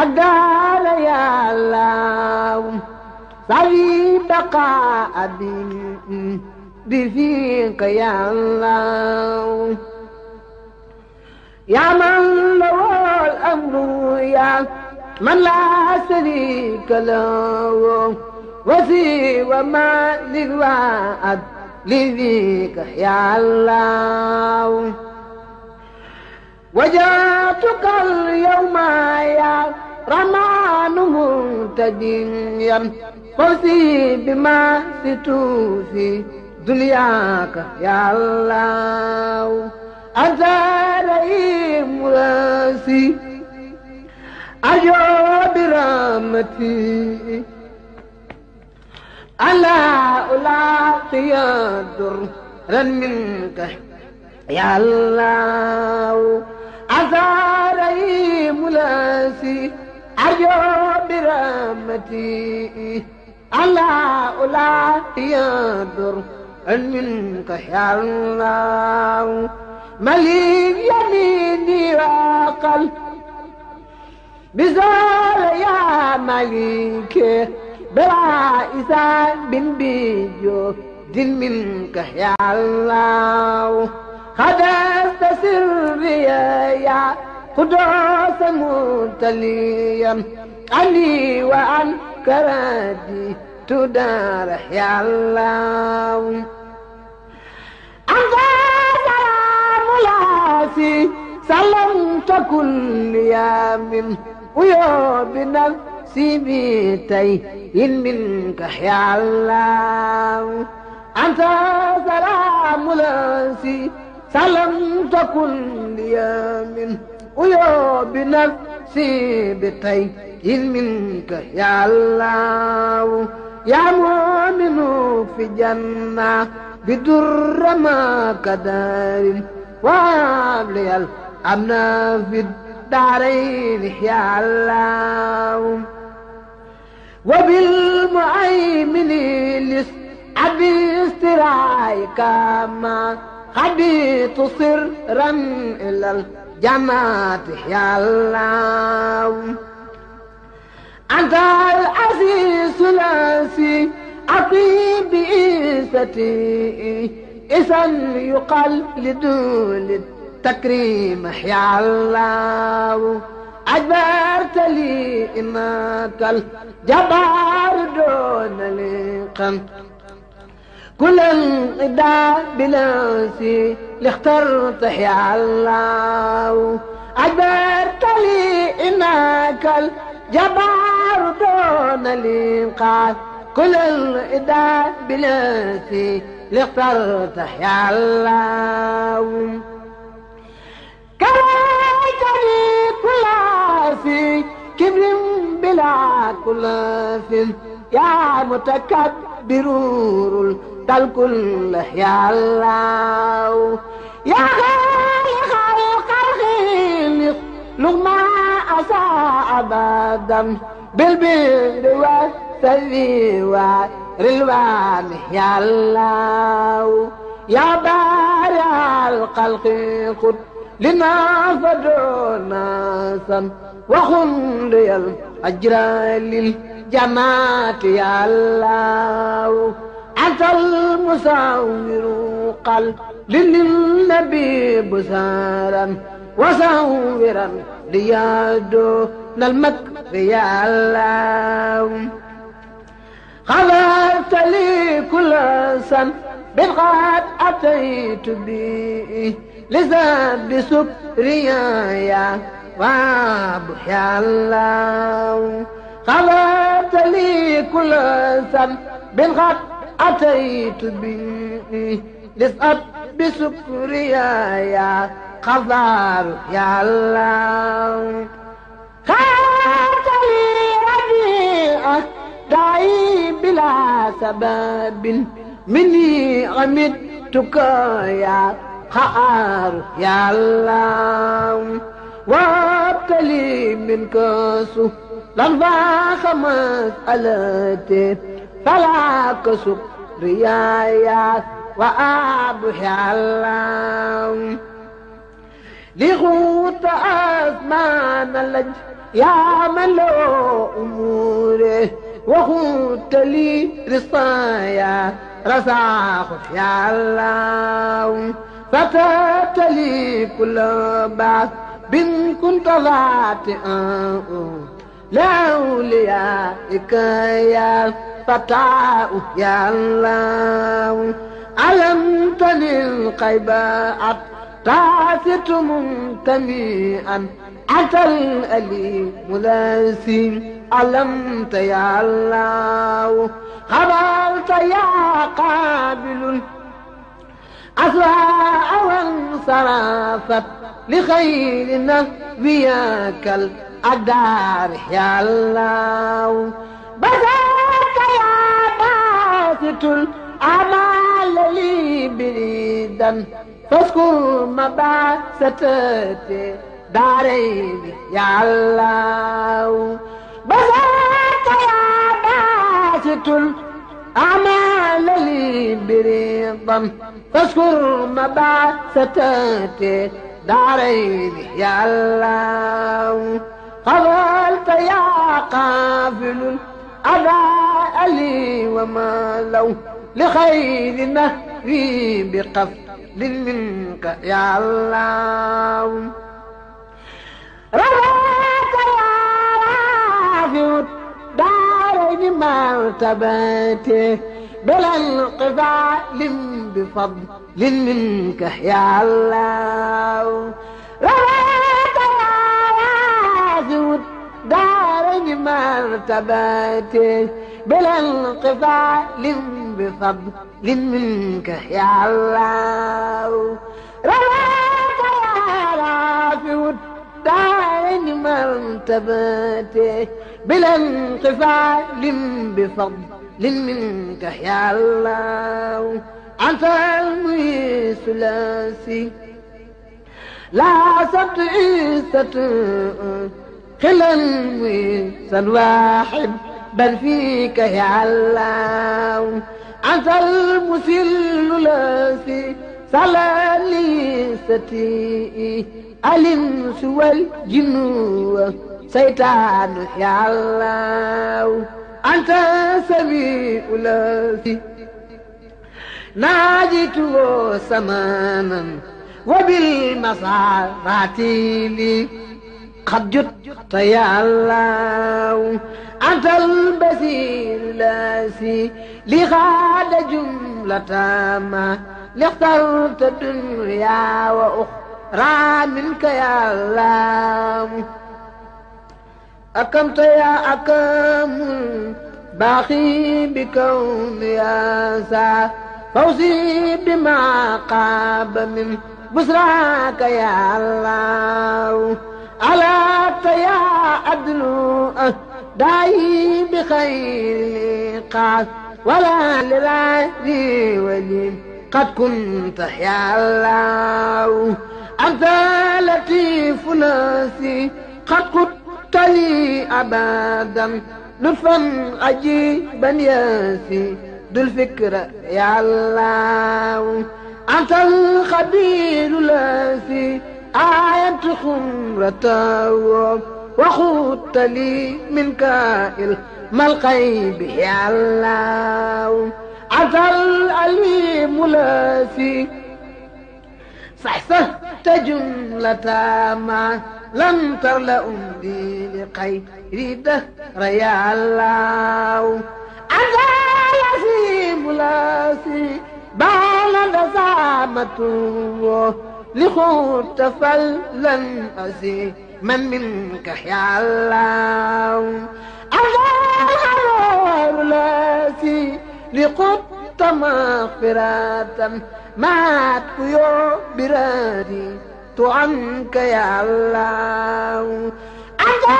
أقال يا الله صلي بقاء برفيق يا الله يا من له الأمر يا من لا شريك له وسوى ما للوعد لذيك يا الله وجاتك اليوم يا رمان مهتديا فوزي بما ستوفي دنياك يا الله أنت رئيم راسي أجو برحمتي ألا ألاقي درا منك يا الله أنت رئيم راسي أرجو برحمتي ألا أولا ينظر منك يا الله مليك يميني وقل بزول يا مليك بلا إذان بن بيجو دل منك يا الله خدست سري يا قداس متليا علي وعن كرادي تدار يا الله أنت سلام لاسي سلمت كل يوم ويا بنفسي بيتي منك يا الله أنت سلام لاسي سلمت كل يوم أيا بنفسي بطي إذ منك يا الله يا مؤمن في جنة بدر ما كدار وابلي الأمن في الدارين يا الله وبالمؤمن لس أبي استرايك ما خبيت سرا إلى الأرض جماعتي يا الله أنت العزيز العزي أطيب إيستي إذا يقال لدول التكريم يا الله أجبرت لي إماك الجبار دون لقم كل انقضاء بنفسي لاخترت يا الله أجبرت لي إنك الجبار دون الإنقاذ كل الإداء بنفسي لاخترت يا الله كرهتني كل في كبر بلا كل في يا متكبر الكل يا الله يا خالق الخلق لغما أساء أبدا بالبر والسر والرلوان يا الله يا بارع الخلق خذ لنا فدعونا سن وخن الأجر للجماعة يا الله أتى المساور قلب للنبي بسارا وساورا ليادو للمكر يا الله غفرت لي كل سن بالغاد أتيت بي لزاد بسكريا يا واب يا الله غفرت لي كل سن بالغاد أتيت به لسأت بسكريا يا خضار يا الله خارت لي ربيعة دعي بلا سبب مني عمدتك يا خار يا الله وابتلي منك سهلا فاخ مسألتي فلا كسب ريايا وأبحي اللام لغوت أزمان اللج يا ملو أموره وغوت لي رصايا رساخ في اللام فتات لي كل بعث بن كنت ذات لأوليائك يا الفتاء يا الله ألم تلل قيباء تعثت منتميئا أتى الأليم لاسي ألمت يا الله خبرت يا قابل أسواء وانصرفت لخير نبياك الأدار يا الله بزار ساكت الأمال لي بريدا فاذكر مباستتي دارين يا الله بسطت يا باسط الأعمال لي بريضا فاذكر مباستتي دارين يا الله قبلت يا قافل أضاء لي وما لو لخير نهري بقف منك يا الله رضاك يا رافع الدارين مرتبتي بلا انقفال بفضل منك يا الله رضاك يا رافع دارج مرتباتي بلا انقفال بفضل منك يا الله رواك يا رافع دارج مرتباتي بلا انقفال بفضل منك يا الله أنت المي ثلاثي لا سبت عيسة خلال ويسا واحد بل فيك يا علام عسى المسل لاسي سلالي ستي الانس والجن سيطان يا الله انت سبيء لاسي ناجت سمانا وبالمصارات لي قد جدت يا الله أنت البسير لاسي لغاد جملة ما لاخترت الدنيا وأخرى منك يا الله أكمت يا أكم باقي بكون يا سا فوزي بما قاب من بسراك يا الله ألا تيا أدنو داي بخير قاس ولا لراي ولي قد كنت يا الله أنت لطيف ناسي قد كنت لي أبدا لطفا عجيبا ياسي ذو الفكرة يا الله أنت الخبير لاسي آية خمرة وخدت لي منك ما الغيب يا الله عذا الأليم لاسي صحصحت جملة ما لم تر لأمدي لغير دهر يا الله عذا الأليم لاسي بان دسامته لخوت فلن أزي من منك يا الله الله لاسي لقط مغفرة معك يا برادي تعنك يا الله أنت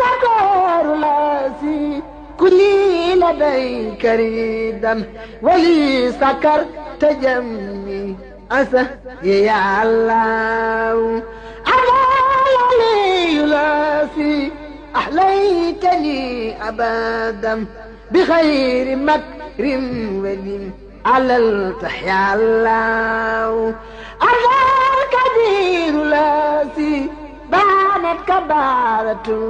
سكر لاسي كلي لديك ريدا ولي سكر تجمي asa ya allah alali yulafi ahlaytani abadan بخير مكر ودين على التحيا الله أرضى الكبير لاسي بانت كبارته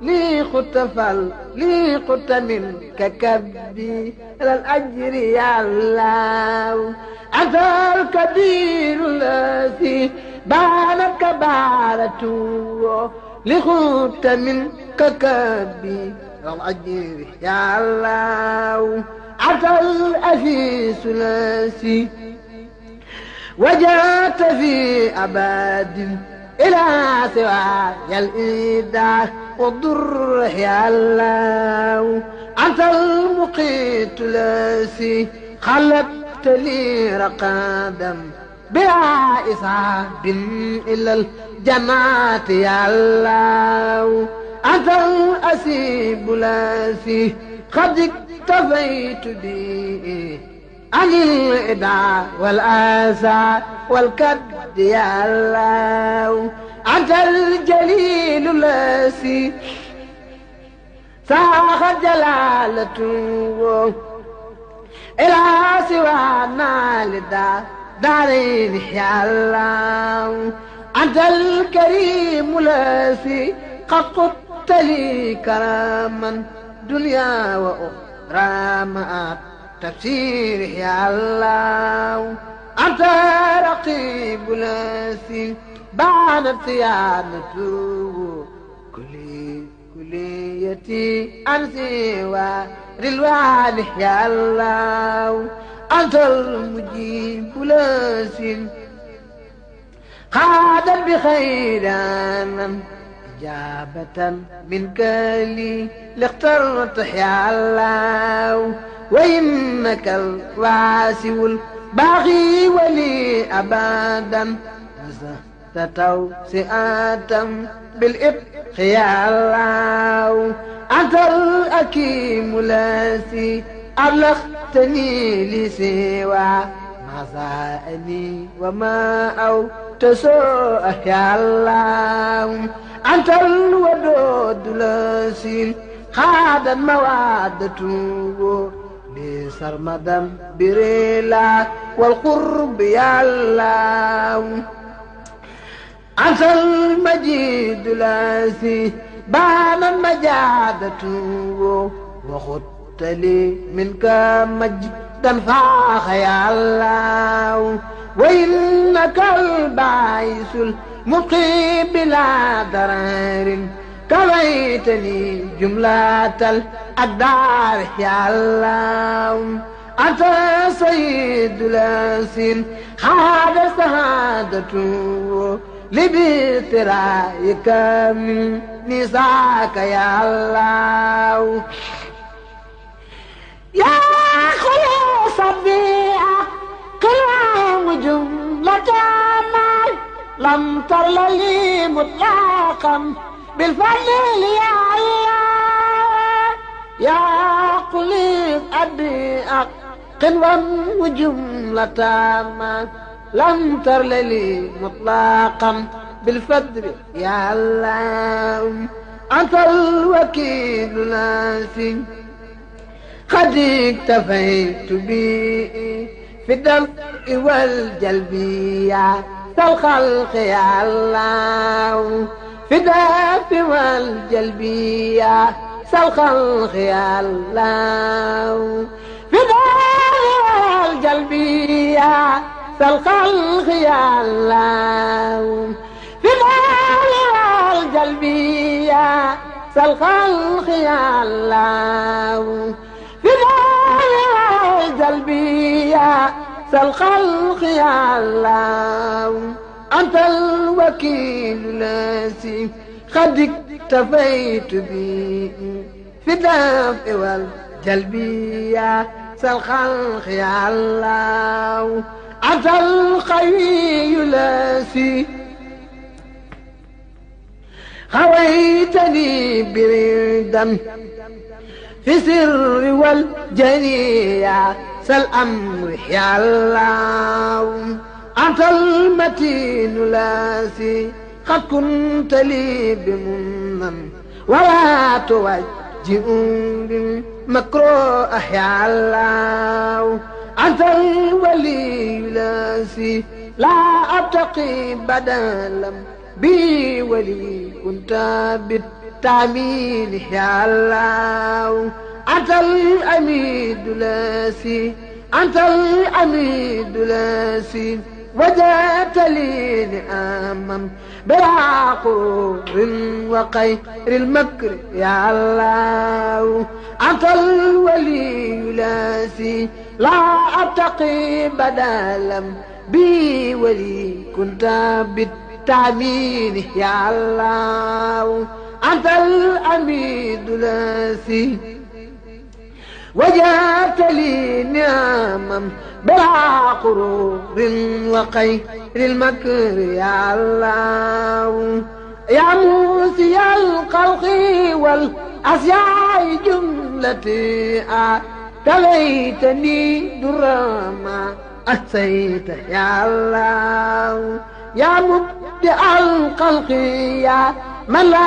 لي خط فال لي خط من ككبي الأجر يا الله أثر كبير الذي بانك بارته لخط من ككبي الأجر يا الله أثر أفيس الذي وجات في أباد إلى سواي الإيداع والضر يا الله أنت المقيت لاسي خلقت لي رقادا بلا إصعاب إلى الجماعة يا الله أنت الأسيب لاسي قد اكتفيت به عن الإدعاء والآثار والكد يا الله أنت الجليل الذي ساخ جلالته إلى سوانا لدار دارين يا الله أنت الكريم الذي قد قدت لي كراما دنيا وأخرى معك تفسيره يا الله أنت رقيب لسي بعد صيانته كلي كليتي أنسي ورلواني يا الله أنت المجيب لسي قادا بخيرا إجابة من قلي لاخترت يا الله وإنك الواسع الباغي ولي أبدا توسئة بالإبق يا الله أنت الأكيم الذي أبلغتني لسوى مزائني وما أو تسوء يا الله أنت الودود الذي خادت موادته ربي سرمدا بريلا والقرب يا الله عسى المجيد لاسي بان مجادته وخدت لي منك مجدا فاخ يا الله وإنك البعيس المقي بلا درار كويتني جملة الأقدار يا الله أنت سيد لاسين هذا سعادته لبترايك من نساك يا الله يا خلاص البيئة قيام جملة ما لم تر لي مطلقا بالفضل يا الله يا قليب أبي قنوا وجملة ما لم ترللي مطلقا بالفضل يا الله أنت الوكيل ناسي قد اكتفيت بي في الدفع والجلبية كالخلق يا الله في الدفع والجلبية سوخ الخيال في الدفع والجلبية سوخ الخيال في الدفع والجلبية سوخ الخيال في الدفع والجلبية سوخ الخيال أنت الوكيل الذي قد اكتفيت به في الدفع والجلب يا ذا الخلق يا الله أنت القوي الذي خويتني بردا في سر والجني يا ذا الأمر يا الله أنت المتين لاسي قد كنت لي بمنن ولا توجه بمكروه أحيا الله أنت الولي لاسي لا أبتقي بدلا بي ولي كنت بالتعمين يا الله أنت الأميد لاسي أنت الأميد لاسي وجبت لي نعما بلا قر وقير المكر يا الله أنت الولي لاسي لا أتقي بدلا بي ولي كنت بالتعمين يا الله أنت الأميد لاسي وجعلت لي نعما بلا قرور وخير المكر يا الله يا موسي الخلق والأسياء جملتي تليتني درما أتيت يا الله يا مبدع الخلق يا من لا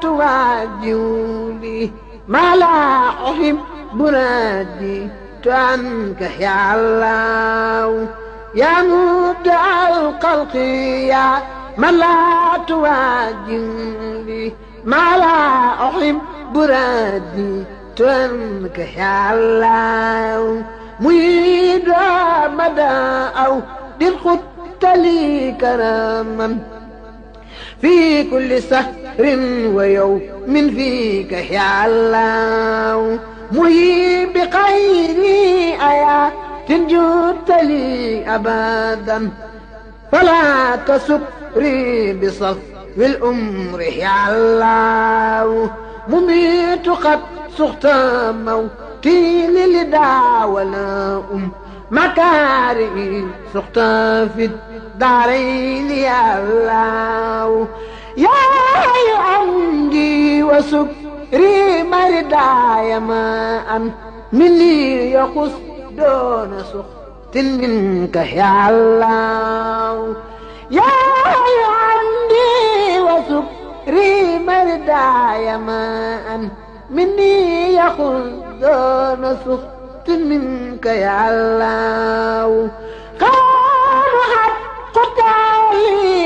تواجهني ما لا أحب منادي عنك يا الله يا مبدع الخلق يا من لا تواجهني ما لا أحب ردي عنك يا الله ميد مدى أو للخط لي كرما في كل سهر ويوم فيك يا الله مهيب بخير آيات جدت لي أبدا فلا تسكري بصف الأمر يا الله مميت قد سخت موتي للدع ولا أم مكاري سخت في الدارين يا الله يا عندي وسكري riimaridaya maan minni yaqus doona suxtin minka ya allah ya hamdi wa sukri maridaya maan minni yaqus doona suxtin minka ya allah qalu haqqu taali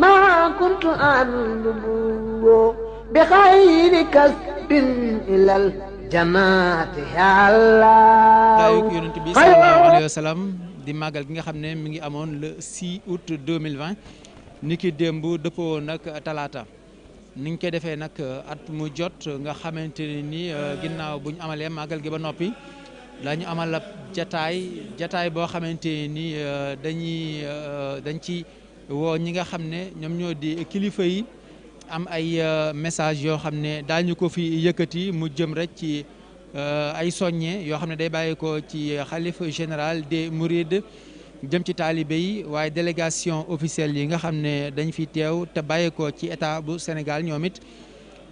ma kuntu andubu بخير كسب إلى الجنات يا الله yonent bi sallallahu di màggal gi nga xam ne mi ngi amoon le 6 août 2020 ni ki démb dëppoo nag talaata ni ngi koy defee nag uh, at mu jot uh, nga xamante ne ni uh, ginnaaw buñ amalee màggal gi ba noppi dañu amal ab jataay jataay boo xamante ni dañuy dañ ci woo ñi nga xam ne ñoom ñoo di kilifa yi am ay euh, message yoo xam ne daal ñu ko fi yëkkati mu jëm rek ci euh, ay soññe yoo xam ne day bàyyi ko ci xalif général des Mourides jëm ci taalibe yi waaye délégation officielle yi nga xam ne dañ fi teew te bàyyi ko ci état bu Sénégal ñoom it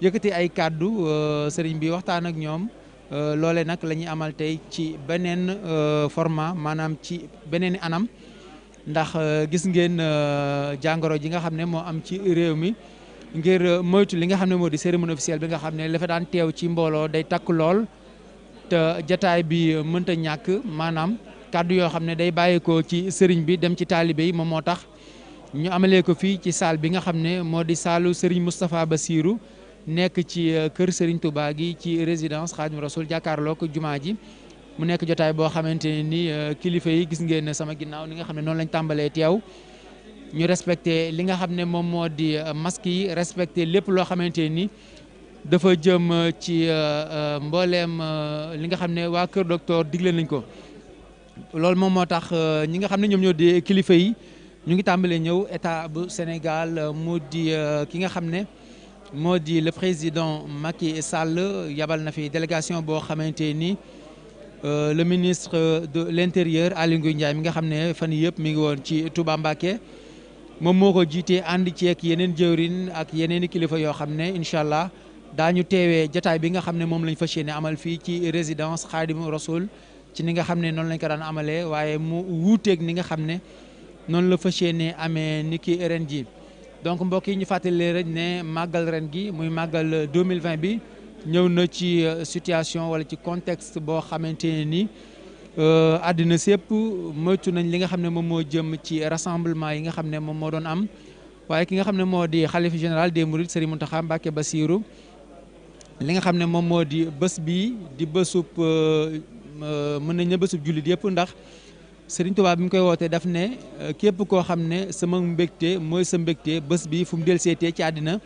yëkkati ay kàddu euh, sëriñ bi waxtaan ak ñoom loole nag lañuy amal tey ci beneen format maanaam ci beneen anam ndax gis ngeen jàngoro ji nga xam ne moo am ci réew mi ngir euh, moytu li nga xam ne moo di cérémonie officielle bi nga xam ne la daan teew ci mbooloo day takk lool te jataay bi euh, mënta ñàkk maanaam kàddu yoo xam ne day bàyyeekoo ci sëriñ bi dem ci taalibe yi moom moo tax ñu amelee ko fii ci saal bi nga xam ne moo di saalu sëriñ Moustapha siiru nekk ci euh, kër sëriñ Touba gi ci résidence Khadim Rasoul jàkkaarloog jumaa ji mu nekk jotaay boo xamante ni kilifa yi gis ngeen sama ginnaaw ni nga xam ne noonu lañ tàmbalee teew. ñu respecté li nga xam ne moom moo di euh, masque yi respecté lépp loo xamante nii dafa jëm euh, ci euh, mbooleem li nga xam ne waa Kër Docteur digle nañ ko loolu moom moo tax ñi nga xam ne ñoom ñoo di kilifa yi ñu ngi tàmbalee ñëw état bu Sénégal moo di ki nga xam ne moo di le président Macky Sall yabal na fi délégation boo xamante ni le ministre de l' intérieur Aly mi nga xam ne fan yëpp mi ngi woon ci Touba Mbacké moom moo ko jiitee ànd ceeg yeneen jëwrin ak yeneen i kilifa yoo xam ne incha allah daañu teewee jataay bi nga xam ne moom lañ fas yéene amal fii ci résidence Xaadimu Rasul ci ni nga xam ne noonu lañ ko daan amalee waaye mu wuuteek ni nga xam ne noonu la fas ne amee ni ki ren ji donc mbokk yi ñu fàttali rek ne màggal ren gi muy màggal 2020 bi ñëw na ci situation wala ci contexte boo xamante nii Euh, àddina sépp moytu nañ li nga xam ne moom moo jëm ci rassemblement yi nga xam ne moom moo doon am waaye ki nga xam ne moo di xalifa général des mourides Serigne Mountakha ba siiru li nga xam ne moom moo di bës bii di bésub euh, euh, mën nañ ne bésub jullit yëpp ndax Serigne Touba bi mu koy wootee daf ne képp koo xam ne sama mbégte mooy sa mbégte bés bii fu mu del seetee ci àddina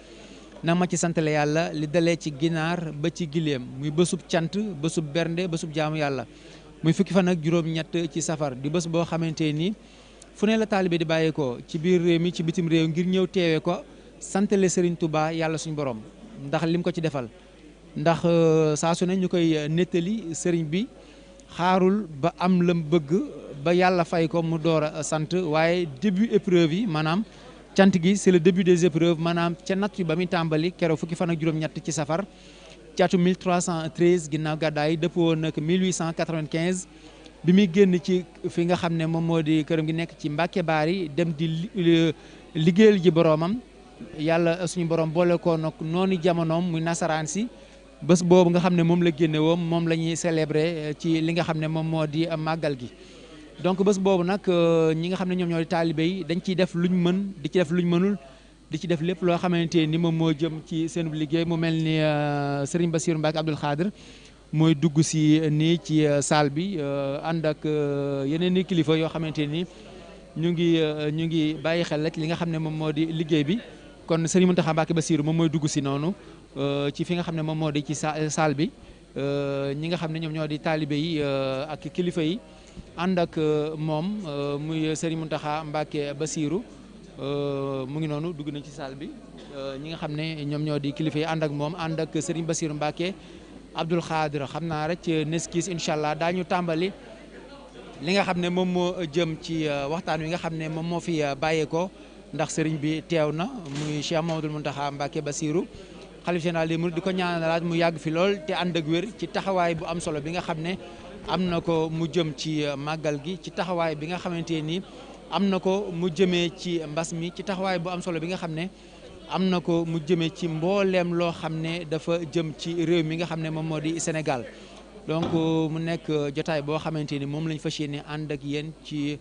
na ma ci santale yàlla li dalee ci ginaar ba ci gileem muy bésub cant bésub bernde bésub jaamu yàlla muy fukki fan ak juróom-ñett ci safar di bés boo xamante nii fu ne la taalibe di bàyyeekoo ci biir réew mi ci bitim réew ngir ñëw teewee ko santale Serigne Touba yàlla suñu borom ndax lim ko ci defal ndax euh, saa su ne ñu koy euh, nettali sëriñ bi xaarul ba am lam bëgg ba yàlla fay ko mu door a sant waaye début épreuve yi maanaam cant gi c'est le début des épreuves maanaam ca natt yi ba muy tàmbali keroog fukki fan ak juróom-ñett ci safar. ci atum 1313 ginnaaw gàddaay dëppoo woon nag 1895 bi muy génn ci fi nga xam ne moom moo di këram gi nekk ci Mbàkke yi dem di liggéeyal ji boroomam yàlla suñu borom boole ko nag noonu jamonoom muy nasaraan si bés boobu nga xam ne moom la génne moom la ñuy célébrer eh, ci li nga xam ne moom moo di màggal gi. donc bés boobu nag euh, ñi nga xam ne ñoom ñoo di taalibe yi dañ ciy def luñ mën di ci def luñ mënul. di ci def lépp loo xamante ni moom moo jëm ci seen liggéey mu mel ni euh, Serigne Bassirou Mbacke Abdoul Khadir mooy dugg si euh, nii ci euh, salle bi ànd ak yeneen i kilifa yoo xamante ni ñu ngi ñu ngi bàyyi xel rek li nga xam ne moom moo di liggéey bi kon Serigne Mountakha Mbacke Bassirou moom mooy dugg si noonu ci fi nga xam ne moom moo di ci salle bi ñi nga xam ne ñoom ñoo di taalibe yi ak kilifa yi ànd ak moom muy Serigne Mountakha Mbacke Bassirou. Euh, mu ngi noonu dugg nañ ci salle bi euh, ñi nga xam ne ñoom ñoo di kilifa yi ànd ak moom ànd ak Serigne Bassirou Mbacké Abdoul Khadr xam naa rek ci neskis incha allah daañu tàmbali li nga xam ne moom moo jëm ci euh, waxtaan wi nga xam ne moom moo fi bàyyeekoo ndax sëriñ bi teew na muy Cheikh Mamadou Mountakha Mbacké Bassirou xalif général des mourides di ko ñaanalaat mu yàgg fi lool te ànd ak wér ci taxawaay bu am solo bi nga xam ne am na ko mu jëm ci màggal gi ci taxawaay bi nga xamante ni. am na ko mu jëmee ci mbas mi ci taxawaay bu am solo bi nga xam ne am na ko mu jëmee ci mbooleem loo xam ne dafa jëm ci réew mi nga xam ne moom moo di Sénégal donc euh, mu nekk euh, jotaay boo xamante ni moom lañ fas yéene ànd ak yenn ci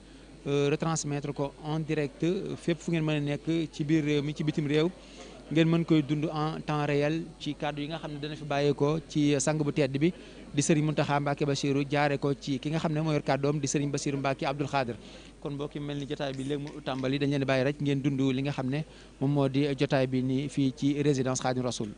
euh, retransmettre ko en direct fépp fu ngeen mën a nekk ci biir réew mi ci bitim réew ngeen mën koy dund en temps réel ci kàddu yi nga xam ne dana fi bàyyeekoo ci sang bu tedd bi di Serigne Mountakha Mbacké Bassirou jaare ko ci ki nga xam ne moo yor kàddoom di Serigne Bassirou Mbacké Abdoul Khadir kon mbokk yi mel ni jotaay bi léegi mu tàmbali dañ leen bàyyi rek ngeen dund li nga xam ne moom moo di jotaay bi nii fii ci résidence Khadim rasul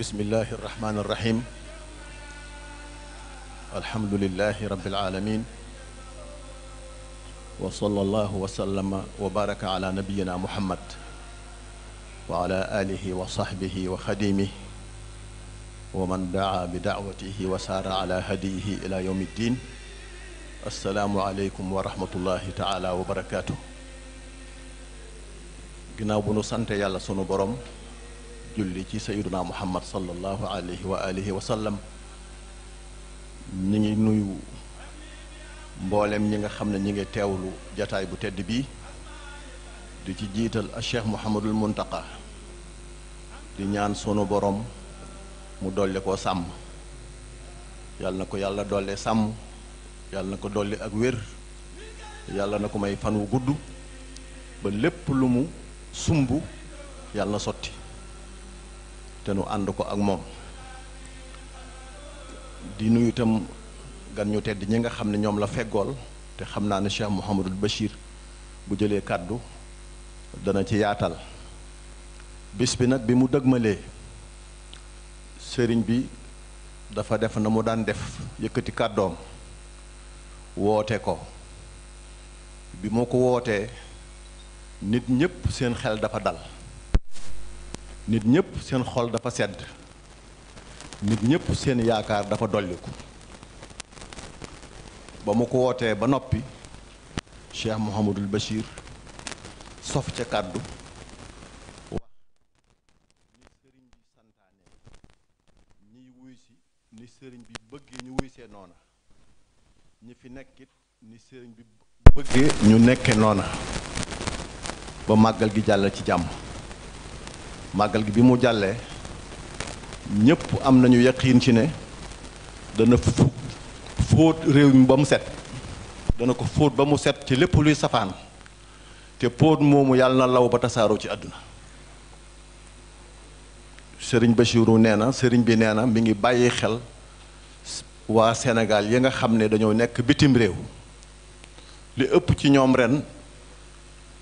bismillahi irrahmani irrahim alhamdulilahi rabilalamin wa sala allahu wasallama wa baraka ala nabiyina muhammad wa ala alihi wa saxbihi wa xadimih wa man daa bi daawatihi wa saara ala hadiyihi ila yowm ddin assalaamu aleykum wa rahmatullahi taala wa barakaatu ginnaaw bu nu sante yàlla sunu borom julli ci sayyiduna muhammad sallallahu alayhi wa alihi wa salam ñi ngi nuyu mboolem ñi nga xam ne ñi ngi teewlu jataay bu tedd bii di ci jiital a cheikh muhammadul muntaqa di ñaan sunu boroom mu dolli koo sàmm yàlla na ko yàlla dolli sàmm yàlla na ko dolli ak wér yàlla na ko may fan wu gudd ba lépp lu mu sumb yàlla na sotti te nu ànd ko ak moom di nuyu itam gan ñu tedd ñi nga xam ne ñoom la feggool te xam naa ne Cheikh Mouhamadul Bachir bu jëlee kàddu dana ci yaatal bis bi nag bi mu dëgmalee sëriñ bi dafa def na mu daan def yëkkati kàddoom woote ko bi moo ko wootee nit ñépp seen xel dafa dal nit ñëpp seen xol dafa sedd nit ñëpp seen yaakaar dafa dolliku ba mu ko wootee ba noppi Cheikh Mouhamadul Bachir sof ca kàddu wax ni sëriñ bi santaane ñi wuy ni sëriñ bi bëggee ñu wuy noona ñi fi nekkit ni sëriñ bi bëggee ñu nekke noona ba màggal gi jàll ci jàmm màggal gi bi mu jàllee ñëpp am nañu yaqiin ci ne dana fóot réew mi ba mu set dana ko fóot ba mu set ci lépp luy safaan te póot moomu yàlla na law ba tasaaroo ci àdduna sëriñ ba Bachiru nee na sëriñ bi nee na mi ngi bàyyi xel waa Sénégal yi nga xam ne dañoo nekk bitim réew li ëpp ci ñoom ren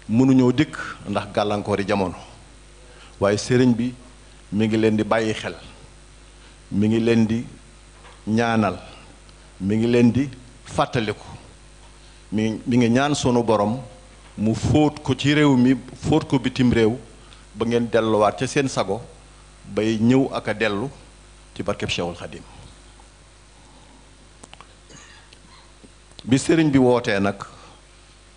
mënuñoo dikk ndax gàllankoori jamono waaye sëriñ bi mi ngi leen di bàyyi xel mi ngi leen di ñaanal mi ngi leen di fàttaliku mi mi ngi ñaan sunu boroom mu fóot ko ci réew mi fóot ko bitim réew ba ngeen delluwaat ca seen sago bay ñëw ak a dellu ci barkeb bi sëriñ bi wootee nag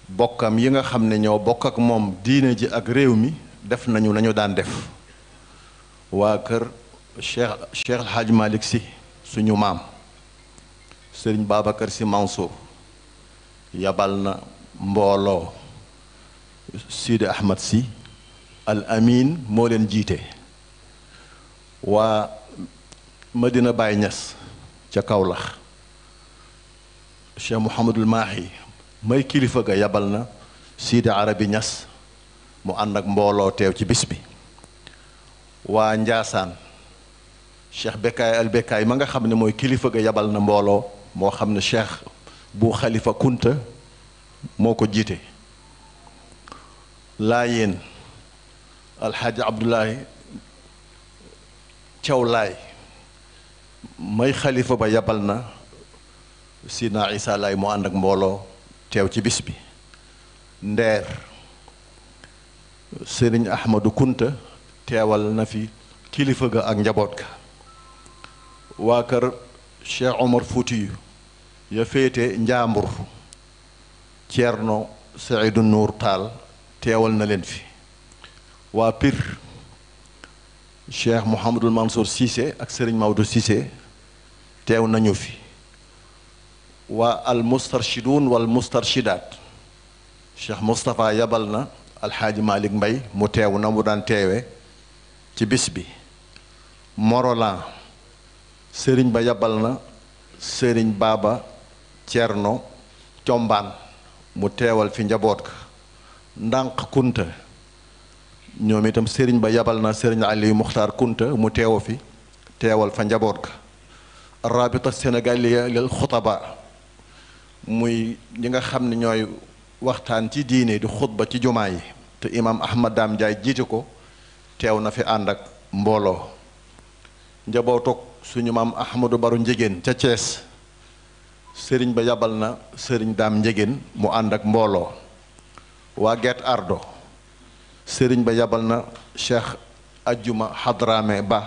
bokkam yi nga xam ne ñoo bokk ak moom diine ji ak réew mi def nañu la daan def waa kër Cheikh Cheikh El Hadj suñu maam Serigne Babacar Sy Mansour yabal na mbooloo Sidi Ahmed Sy Al Amin moo leen jiite waa Medina Baye ñas ca Kaolack Cheikh Mouhamadul Mahi may kilifa ga yabal na Sidi Arabi Niass mu ànd ak mbooloo teew ci bis bi waa Njaasaan cheikh Bekkaay al Bekkaay ma nga xam ne mooy kilifa ga yabal na mbooloo moo xam ne cheikh bu Xalifa Kunta moo ko jiite Laayeen alxaaji Abdoulaye Thiaw Laay may xalifa ba yabal na Sina Isa Laay mu ànd ak mbooloo teew ci bis bi Ndeer sëriñ Ahmadou Kunta teewal na fi kilifa ga ak njaboot ga waa kër Cheikh Omar Foutiyu ya féete Njaambur Ceerno Seydou Nour Taal teewal na leen fi waa pir Cheikh Mouhamadul Mansour Cissé ak sëriñ Maodo Cissé teew nañu fi waa al mustarshidun wal mustarshidaat Cheikh Moustapha yabal na alxaaji Malick Mbay mu teew na mu daan teewe ci bis bi Morolan sëriñ ba yabal na sëriñ baaba Cerno Combaan mu teewal fi njaboot ka ndànk kunta ñoom itam sëriñ ba yabal na sëriñ Aliou Muxtaar kunta mu teew fi teewal fa njaboot ka rabita sénégalia lil muy ñi nga xam ne ñooy waxtaan ci diine di ba ci jumaa yi te imaam ahmad daam njaay jiite ko teew na fi ànd ak mbooloo njabootuk suñu maam ahmadu baru njegéen ca cees sëriñ ba yabal na sëriñ daam njegéen mu ànd ak mbooloo waa Guet Ardo sëriñ ba yabal na cheikh ajjuma xadraame ba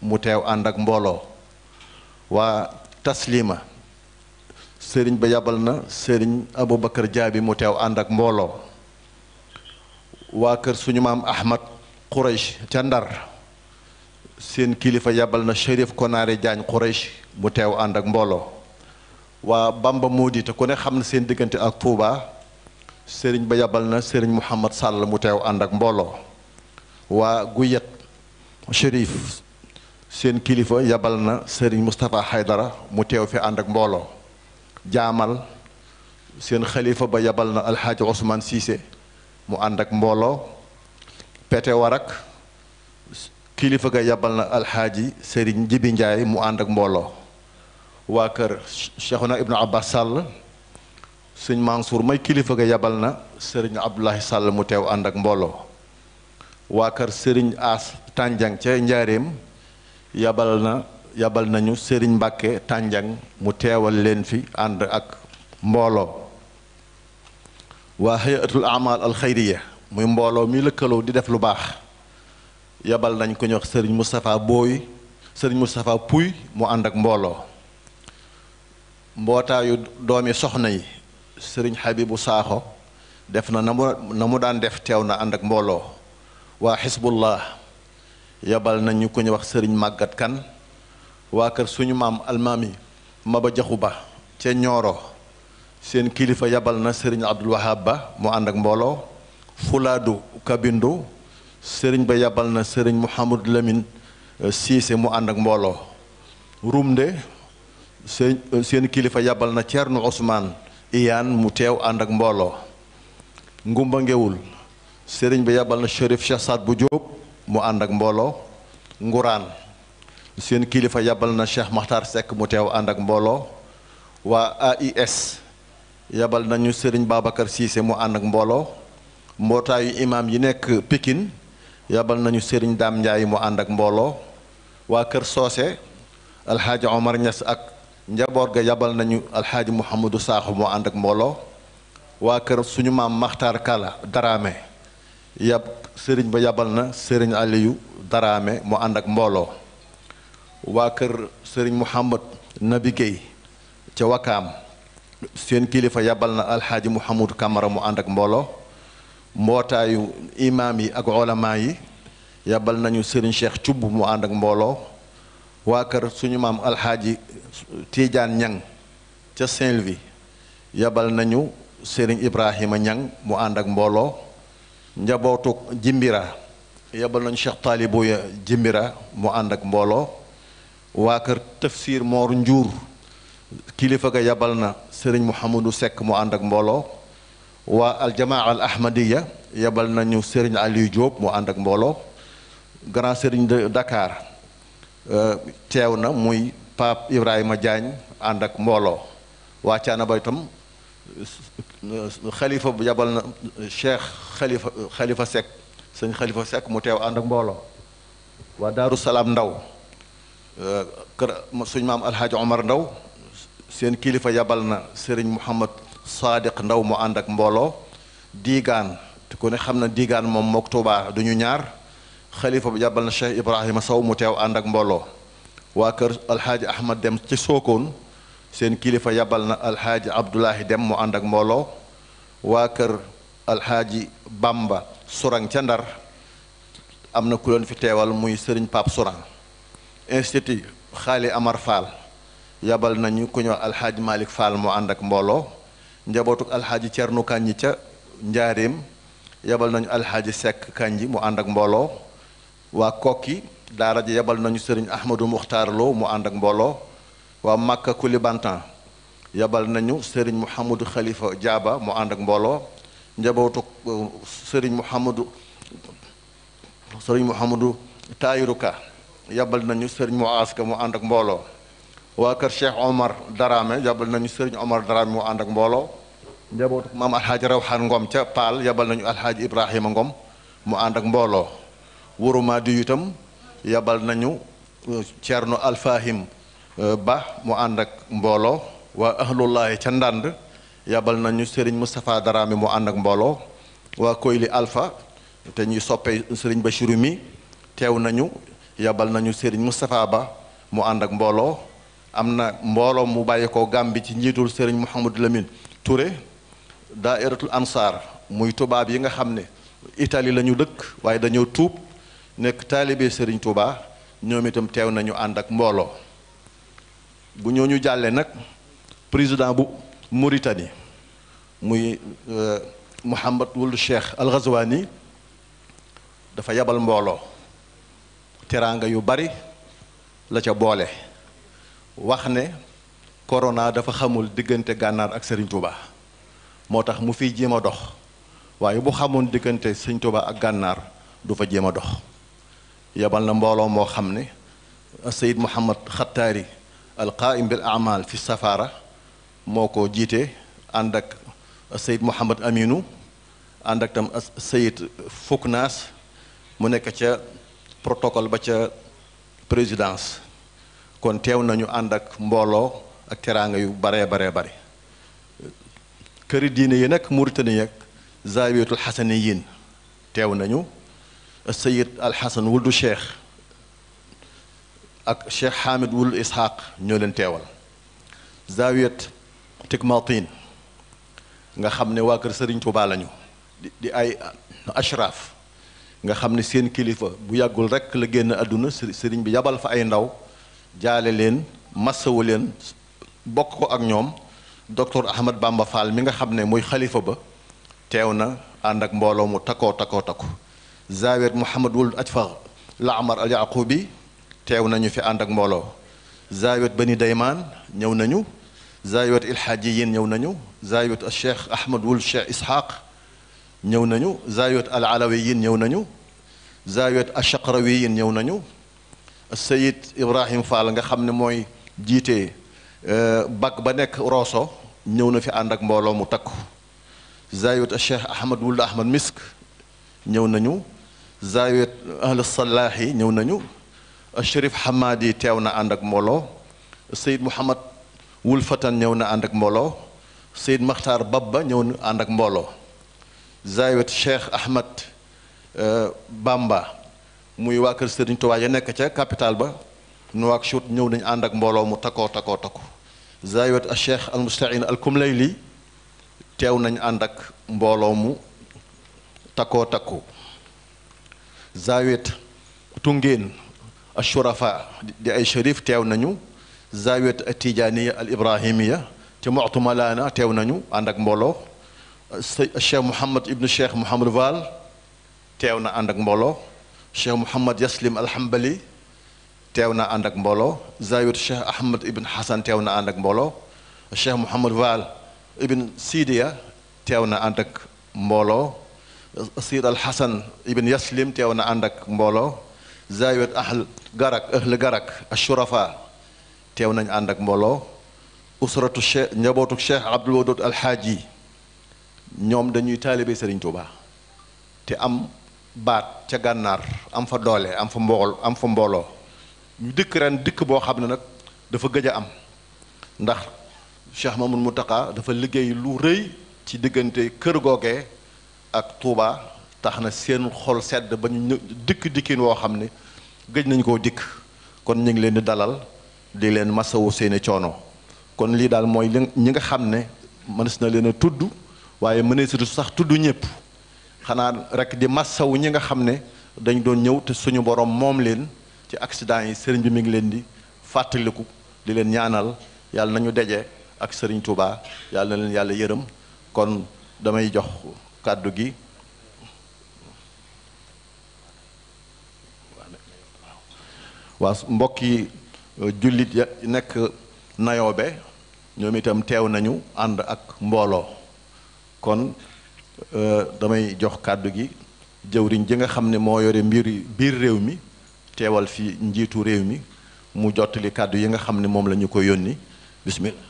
mu teew ànd ak mbooloo waa taslima sëriñ ba yabal na sëriñ Aboubacar Jaabi mu teew ànd ak mbooloo waa kër suñu maam Ahmad Quraysh ca Ndar seen kilifa yabal na Chérif Konaare Jaañ Quraysh mu teew ànd ak mbooloo waa Bamba Moodi te ku ne xam na seen diggante ak Touba sëriñ ba yabal na sëriñ Mouhamad Sall mu teew ànd ak mbooloo waa Guyet Chérif seen kilifa yabal na sëriñ Moustapha Haydara mu teew fi ànd ak mbooloo jaamal seen xalifa ba yabal na alxaaji osmaan Cissé mu ànd ak mbooloo pete kilifa ga yabal na alxaaji sëriñ Jibi Ndiaye mu ànd ak mbooloo waa kër na Ibnu Abbas Sall sëñ Mansour may kilifa ga yabal na sëriñ Abdoulahi sàll mu teew ànd ak mbooloo waa kër sëriñ As Tànjang ca Njaareem yabal na yabal nañu sëriñ Mbàkke Tànjang mu teewal leen fi ànd ak mbooloo waa hayatul amal alxayriya muy mbooloo mi lëkkaloo di def lu baax yabal nañ ko ñu wax Serigne Moustapha Booy Serigne Moustapha Puy mu ànd ak mbooloo mbootaayu doomi soxna yi Serigne Habibu Saaxo def na na mu na mu daan def teew na ànd ak mbooloo waa xisbullah yabal nañu ko ñu wax sëriñ Màggat Kan waa kër suñu maam almaami Maba Jaxu Ba ca Ñooro seen kilifa yabal na sëriñ Abdul Ba mu ànd ak mbooloo Fulaadu kabindu sëriñ ba yabal na sëriñ euh, mu ànd ak mbooloo ruumde euh, seen kilifa yabal na Ceernu Ousmane Iyaan mu teew ànd ak mbooloo Ngumba Ngewul sëriñ ba yabal na Chérif Chassad bu Jóob mu ànd ak mbooloo Nguraan seen kilifa yabal na Cheikh Makhtar sekk mu teew ànd ak mbooloo waa AIS yabal nañu Serigne Babacar Cissé mu ànd ak mbooloo mbootaayu imaam yi nekk Pikine yabal nañu Serigne daam Ndiaye mu ànd ak mbooloo waa Kër Soose Alxaaji Omar Niass ak njaboot ga yabal nañu Alxaaji Mouhamadou saaxu mu ànd ak mbooloo waa kër suñu maam Makhtar Kala Daraame yab Serigne ba yabal na sëriñ Aliou Daraame mu ànd ak mbooloo. waa kër sëriñ Mouhamad Nabi Guèye ca Wakaam seen kilifa yabal na alxaaji Mouhamadou Camara mu ànd ak mbooloo mbootaayu imaam yi ak olamaa yi yabal nañu sëriñ Cheikh Thioub mu ànd ak mbooloo waa kër suñu maam alxaaji tiijaan Niang ca Saint-Louis nañu sëriñ Ibrahima Niang mu ànd ak mbooloo njabootu Jimbira yabal nañu Cheikh Talibou ya mu ànd ak mbooloo waa kër tafsir moor njuur kilifa ga yabal na sëriñ Mouhamadou sekk mu ànd ak mbooloo waa aljamaa al ahmadiya yabal nañu sëriñ Aliou Diop mu ànd ak mbooloo grand sëriñ de Dakar euh, teew na muy Pape Ibrahima Diagne ànd ak mbooloo waa ba itam euh, xalifa bu yabal na Cheikh xalifa xalifa Seck sëñ xalifa Seck mu teew ànd ak mbooloo waa Daaru Salaam Ndaw Euh, kër suñ maam alxaaji omar ndaw seen kilifa yabal na sëriñ mouhamad saadiq ndaw mu ànd ak mbooloo diigaan te ku ne xam na diigaan moom mook tuubaa du ñu ñaar xalifa bi yabal na cheikh ibrahima saw mu teew ànd ak mbooloo waa kër alxaaji ahmad dem ci sookoon seen kilifa yabal na alxaaji abdoulahi dem mu ànd ak mbooloo waa kër alxaaji bamba surang ca ndar am na ku loon fi teewal muy sëriñ pap surang institut xaali Amar Fall yabal nañu ku ñuy wax malik Malick mu ànd ak mbooloo njabootuk alxaaji Cernu Kàññi ca njaarim yabal nañu alxaaji Seck Kàññi mu ànd ak mbooloo waa kokki daara ji yabal nañu sëriñ Ahmadou Muxtaar Lo mu ànd ak mbooloo waa Makka Kulibantan yebal nañu sëriñ mu Mouhamadou Khalifa Diaba mu ànd ak mbooloo njabootuk uh, sëriñ Mouhamadou sëriñ Mouhamadou Tayiruka yabal nañu sëriñ Muaas Ka mu ànd ak mbooloo waa kër Cheikh Omar Darame yabal nañu sëriñ Omar Darame mu ànd ak mbooloo njabootu maam alxaaji Rawxaan Ngom ca Paal yabal nañu alxaaji Ibrahima Ngom mu ànd ak mbooloo wuruma di itam yabal nañu Ceerno euh, Alfahim euh, Ba mu ànd mbooloo waa ahlullaahi ca ndànd yabal nañu sëriñ Moustapha Darame mu ànd ak mbooloo waa Koyli Alpha te ñuy soppe sëriñ Bachiru mi teew nañu yabal nañu Serigne Moustapha Ba mu ànd ak mbooloo am na mbooloo mu bàyyi ko bi ci njiitul sëriñ Serigne Mouhamadou Lamine daa daairatul ansaar muy tubaab yi nga xam ne itali la ñu dëkk waaye dañoo tuub nekk taalibe sëriñ Touba ñoom itam teew nañu ànd ak mbooloo bu ñoo ñu jàllee nag président bu Mauritanie muy euh, Mouhamad Wulu Cheikh Al Ghazwani dafa yabal mbooloo teraanga yu bari la ca boole wax ne korona dafa xamul diggante gànnaar ak Serigne Touba moo tax mu fi jéem a dox waaye bu xamoon diggante Serigne Touba ak gànnaar du fa jéem a dox yebal na mbooloo moo xam ne Sayid Muhammad Xattaari alqaim bil amal fi safaara moo ko jiite ànd ak Sayid Muhammad Aminu ànd ak tam Sayid Fuknaas mu nekk ca protocole ba ca présidence kon teew nañu ànd ak mbooloo ak teraanga yu baree baree bari këri diine yi nag Mauritanie ak Zawiyatul Xasaniyin teew nañu Sayid Al Xasan wuldu Cheikh ak Cheikh Hamid wul Ishaq ñoo leen teewal Zawiyat Tikmatin nga xam ne waa kër sëriñ Touba lañu di ay ashraaf nga xam ne seen kilifa bu yàggul rek la génn àdduna sëriñ bi yabal fa ay ndaw jaale leen massawu leen bokk ko ak ñoom docteur Ahmad Bamba Fall mi nga xam ne muy xalifa ba teew na ànd ak mbooloo mu takkoo takkoo takku zawet Mouhamad Wuld Ajfar Laamar al Yaqubi teew nañu fi ànd ak mbooloo zawet Bani Daymaan ñëw nañu zawet Ilhaajiyin ñëw nañu zawet Cheikh Ahmad Wuld Cheikh Ishaq ñëw nañu zaawiyat al alawiyin ñëw nañu zaawiyat ashaqrawiyin ñëw nañu sayid ibrahim fall nga xam ne mooy jiite euh, bac ba nekk rooso ñëw na fi ànd ak mbooloo mu takku zaawiyat cheikh ahmad wula ahmad misk ñëw nañu zaawiyat ahl salaahi ñëw nañu chérif hamadi teew na ànd ak mbooloo sayid muhammad wul fatan ñëw na ànd ak mbooloo sayid maxtaar ba ñëw na ànd ak mbooloo zaawet Cheikh Ahmad euh, Bamba muy waa kër Serigne Touba ya nekk ca capital ba Nouakchott ñëw nañ ànd ak mbooloo mu takkoo takkoo takku zaawet Cheikh al Mousta'in al Koumlayli teew nañu ànd ak mbooloo mu takkoo takku zaawet Tungeen ashurafa di ay shérif teew nañu zaawet Tijaaniya al Ibrahimiya ca Mu'tu Malaana teew nañu ànd ak mbooloo. Cheikh Mouhamad ibnu Cheikh Mouhamad Vaal teew na ànd ak mbooloo Cheikh Mouhamad Yaslim Alhambali teew na ànd ak mbooloo Zawir Cheikh Ahmad ibn Hassan teew na ànd ak mbooloo Cheikh Mouhamad Vaal ibn Sidiya teew na ànd ak mbooloo Sir Al Hassan ibn Yaslim teew na ànd ak mbooloo Zawir Ahl Garak Ahl Garak Ashurafa teew nañ ànd ak mbooloo usratu Cheikh njabootu Cheikh Abdul Wadud ñoom dañuy taalibe Serigne Touba te am baat ca gànnaar am fa doole am fa mbool am fa mbooloo ñu dëkk ren dikk boo xam ne nag dafa gëj a am ndax Cheikh mu Moutaka dafa liggéey lu rëy ci diggante kër googee ak Touba tax na seen xol sedd ba ñu dikk dikkin woo xam ne gëj nañ koo dikk kon ñu ngi leen di dalal di leen masawu seeni coono kon lii daal mooy li ñi nga xam ne mënees na leen a tudd waaye mëneesitu sax tudd ñëpp xanaa rekk di massawu ñi nga xam ne dañ doon ñëw te suñu boroom moom leen ci accident yi sëriñ bi mi ngi leen di fàttaliku di leen ñaanal yàlla nañu daje ak sëriñ Touba yàlla na leen yàlla yërëm kon damay jox kàddu gi waa mbokki jullit ya nekk be ñoom itam teew nañu ànd ak mbooloo kon euh, damay jox kàddu gi jëwriñ ji nga xam ne moo yore mbir biir réew mi teewal fi njiitu réew mi mu jottali kàddu yi nga xam ne moom lañu ko yónni bismillah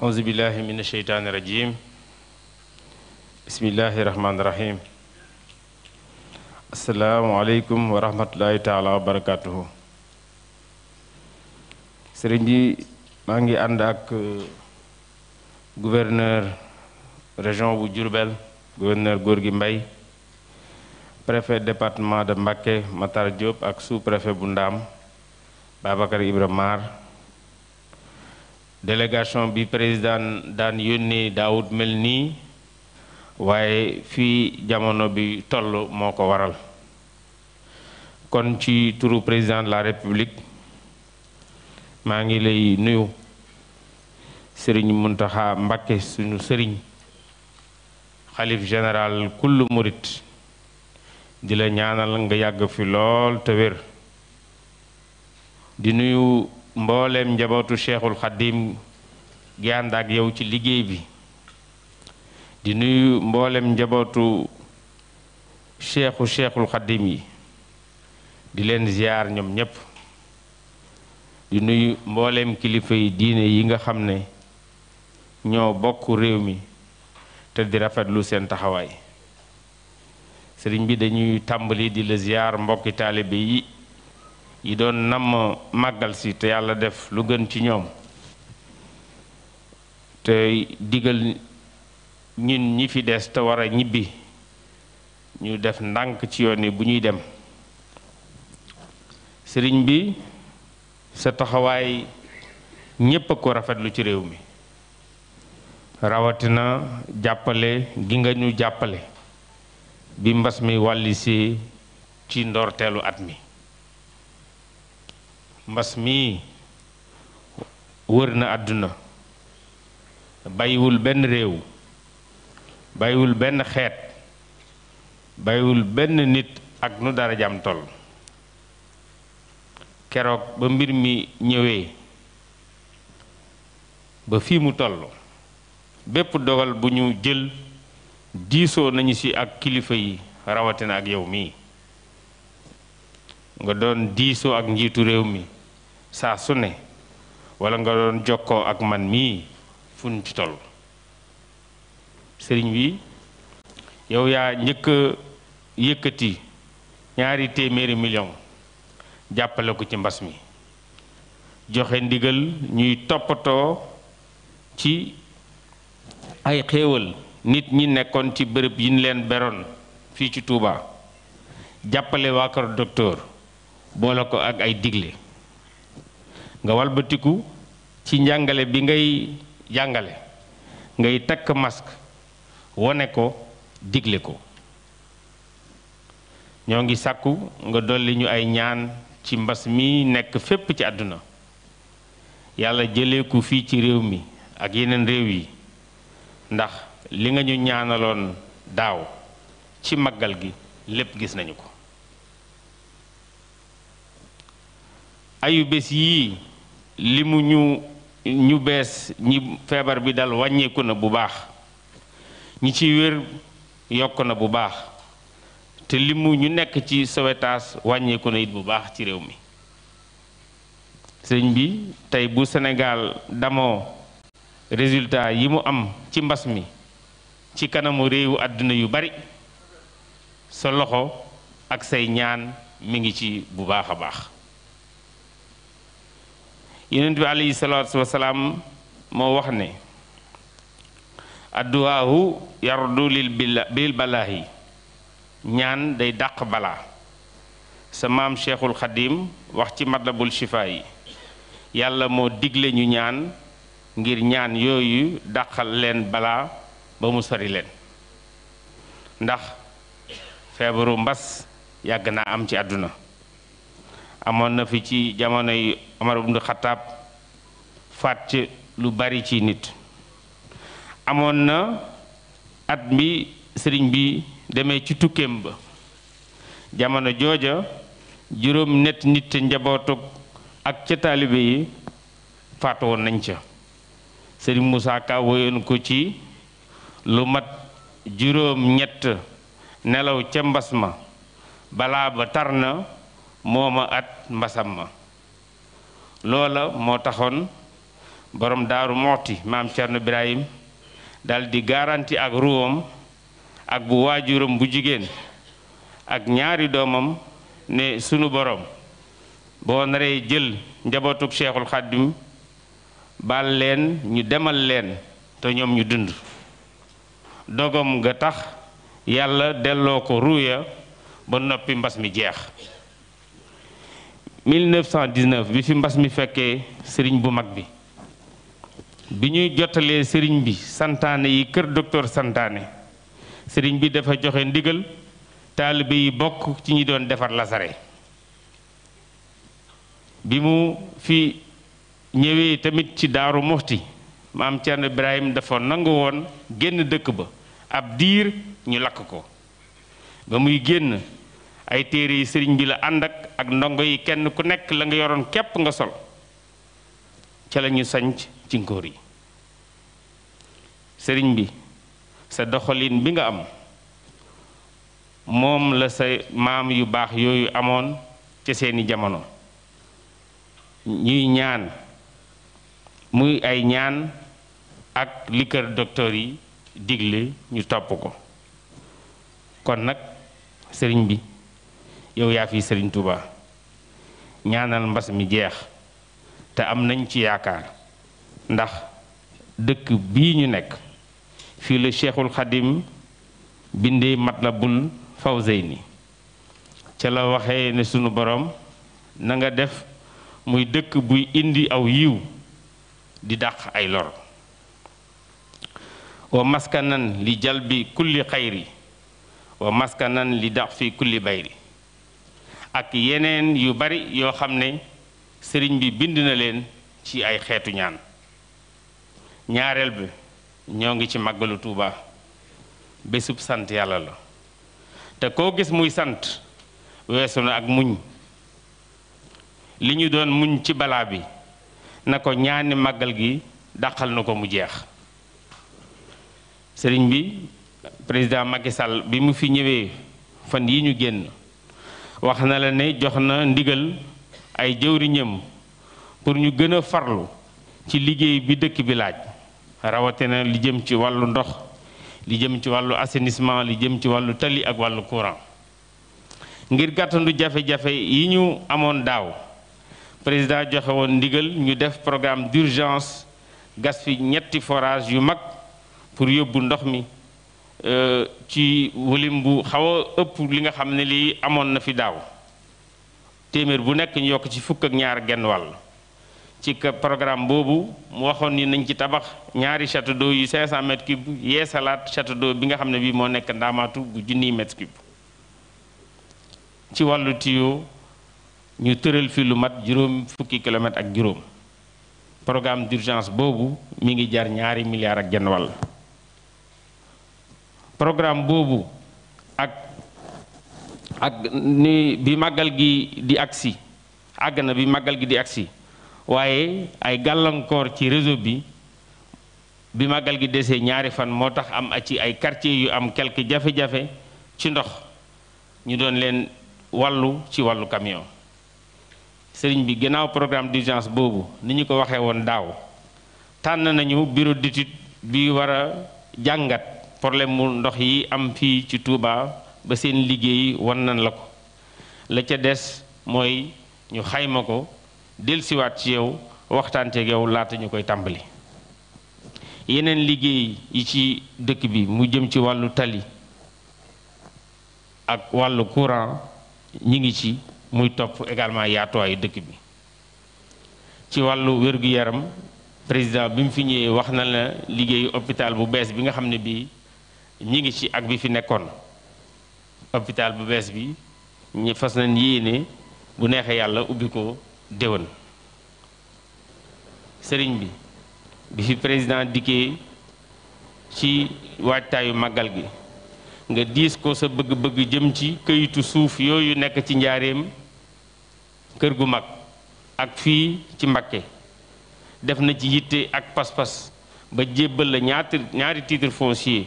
auzu billahi min bismillahi rahmaani rahim asalaamualeykum wa rahmatullahi taala wa sëriñ bi maa ngi ànd ak uh, gouverneur région bu Diourbel gouverneur gi mbay préfet département de Mbacké Matar Diop ak sous-préfet bu Ndaam Babacar Ibra Mar délégation bi président daan yónnee daawut mel nii waaye fii jamono bi toll moo ko waral kon ci turu président de la république maa ngi lay nuyu sëriñ Muntaxa Mbàkke suñu sëriñ xalif général kullu murit di la ñaanal nga yàgg fi lool te wér di nuyu mbooleem njabootu cheikhul xadim gi ak yow ci liggéey bi di nuyu mboolem njabootu cheikhu cheikhul xaddim yi di leen ziyaar ñoom ñépp di nuyu mboolem kilifa yi diine yi nga xam ne ñoo bokk réew mi te di rafetlu seen taxawaay sëriñ bi dañuy tàmbali di la ziyaar mbokki taalibe yi yi doon namm màggal si te yàlla def lu gën ci ñoom te digal ñun ñi fi des te war a ñibbi ñu def ndànk ci yoon wi bu ñuy dem sëriñ bi sa taxawaay ñépp a ko rafetlu ci réew mi rawatina jàppale gi nga ñu jàppale bi mbas mi wàllisi ci ndoorteelu at mi mbas mi wër na àdduna bàyyiwul benn réew bàyyiwul benn xeet bàyyiwul benn nit ak nu dara jam toll keroog ba mbir mi ñëwee ba fi mu toll bépp dogal bu ñu jël diisoo nañu ci ak kilifa yi rawatina ak yow mii nga doon diisoo ak njiitu réew mi saa su walla nga doon jokkoo ak man mii fu ñu ci toll sëriñ bi yow yaa njëkk yëkkati ñaari téeméeri million jàppale ko ci mbas mi joxe ndigal ñuy toppatoo ci ay xéewal nit ñi nekkoon ci bërëb yi ñu leen beroon fii ci tuuba jàppale waa kër docteur boole ko ak ay digle nga walbatiku ci njàngale bi ngay jàngale ngay takk mask wone ko digle ko ñoo ngi sàkku nga dolli ñu ay ñaan ci mbas mi nekk fépp ci àdduna yàlla jëlee ko fii ci réew mi ak yeneen réew yi ndax li nga ñu ñaanaloon daaw ci màggal gi lépp gis nañu ko ayu bés yii li mu ñu ñu bees ñi feebar bi dal wàññeeku na bu baax ñi ci wér yokk na bu baax te limu ñu nekk ci sowetaas wàññeeku na it bu baax ci réew mi sëñ bi tey bu Sénégal damoo résultat yi mu am ci mbas mi ci kanamu réewu àdduna yu bari sa loxo ak say ñaan mi ngi ci bu baax a baax yonent bi aleyhi salaatu wasalaam moo wax ne adduwaahu yardu lil bil balaahi ñaan day dàq balaa sa maam cheikhul xadim wax ci matlabul shifaa yi yàlla moo digle ñu ñaan ngir ñaan yooyu dàqal leen balaa ba mu sori leen ndax feebaru mbas yàgg naa am ci àdduna amoon na fi ci jamono Omar ibn Xattaab faat lu bari ci nit amoon na at bi sëriñ bi demee ci tukkeem ba jamono jooja juróom ñett nit te njabootug ak ca taalibe yi faatu nañ ca sëriñ Moussa Ka woyoon ko ci lu mat juróom ñett nelaw ca mbas ma balaa ba tar na mooma at mbasam ma loola moo taxoon boroom daaru moxti maam Cerno Ibrahim daldi garanti ak ruwam ak bu waajuram bu jigéen ak ñaari doomam ne sunu boroom boo naree jël njabootuk cheikhul xaddim baal leen ñu demal leen te ñoom ñu dund dogom nga tax yàlla delloo ko ruuya ba noppi mbas mi jeex 1919 bi fi mbas mi fekkee sëriñ bu mag bi bi ñuy jottalee sëriñ bi santaane yi kër docteur santaane sëriñ bi dafa joxe ndigal taalibe yi bokk ci ñu doon defar lasare bi mu fi ñëwee tamit ci daaru muxti maam Cerno Ibrahim dafa nangu woon génn dëkk ba ab diir ñu lakk ko ba muy génn ay téere yi sëriñ bi la ànd ak ak ndongo yi kenn ku nekk la nga yoroon képp nga sol ca lañu sanc ci ngóor sëriñ bi sa doxalin bi nga am moom la sa maam yu baax yooyu amoon ca seeni jamono ñuy ñaan muy ay ñaan ak li kër docteur yi digle ñu topp ko kon nag sëriñ bi yow yaa fi sëriñ Touba ñaanal mbas mi jeex te am nañ ci yaakaar ndax dëkk bii ñu nekk fii la cheikhul xadim bindee matlabul fawzeyni ca la waxee ne sunu boroom na nga def muy dëkk buy indi aw yiw di dàq ay lor wa maskanan li jalbi kulli xayri wa maskanan li dàq fi kulli bayri ak yeneen yu bari yoo xam ne sëriñ bi bind na leen ci ay xeetu ñaan ñaareel bi ñoo ngi ci màggalu Tuuba bésub sant yàlla la te koo gis muy sant weesu na ak muñ li ñu doon muñ ci balaa bi na ko ñaani màggal gi dàqal na ko mu jeex sëriñ bi président Macky Sall bi mu fi ñëwee fan yi ñu génn wax na la ne jox na ndigal ay jëwriñam pour ñu gën a farlu ci liggéey bi dëkk bi laaj rawatina li jëm ci wàllu ndox li jëm ci wàllu assainissement li jëm ci wàllu tali ak wàllu courant ngir gàttandu jafe-jafe yi ñu amoon daaw président joxe woon ndigal ñu def programme d'urgence gas fi ñetti forage yu mag pour yóbbu ndox mi euh, ci wulim bu xaw a ëpp li nga xam ne lii amoon na fi daaw téeméer bu nekk ñu yokk ci fukk ak ñaar genn wàll ci programme boobu mu waxoon ni nañ ci tabax ñaari château d'eau yu 500 mètres cubes yee salaat château d'eau bi nga xam ne bii moo nekk ndaamaatu bu junniy mètres cubes ci wàllu tuyau ñu tëral fi lu mat juróom fukki kilomètres ak juróom programme d'urgence boobu mi ngi jar ñaari milliards ak jenn wàll programme boobu ak ak ni bi màggal gi di agsi àgg na bi màggal gi di agsi waaye ay gàllankoor ci réseau bi bi màggal gi desee ñaari fan moo tax am ci ay quartier yu am quelque jafe-jafe ci ndox ñu doon leen wàllu ci wàllu camion sëriñ bi gannaaw programme d'urgence boobu ni ñu ko waxee woon daaw tànn nañu bureau d'étude bi war a jàngat problème mu ndox yi am fii ci Touba ba seen liggéey wan nan la ko la ca des mooy ñu xayma ko dellusiwaat ci yow waxtaante yow laata ñu koy tàmbali yeneen liggéey yi ci dëkk bi mu jëm ci wàllu tali ak wàllu courant ñi ngi ci muy topp également yaatuwaayu dëkk bi ci wàllu wér yaram président bi mu fi ñëwee wax na la liggéeyu hôpital bu bees bi nga xam ne bii ñi ngi ci ak bi fi nekkoon hôpital bu bees bi ñu fas nañ yéene bu neexee yàlla ubbi ko déwén sëriñ bi bi fi président dikkee ci waajtaayu màggal gi nga diis ko sa bëgg-bëgg jëm ci këyitu suuf yooyu nekk ci njaareem kër gu mag ak fii ci Mbakke def na ci yitte ak pas-pas ba jébbal la ñaata ñaari titre foncier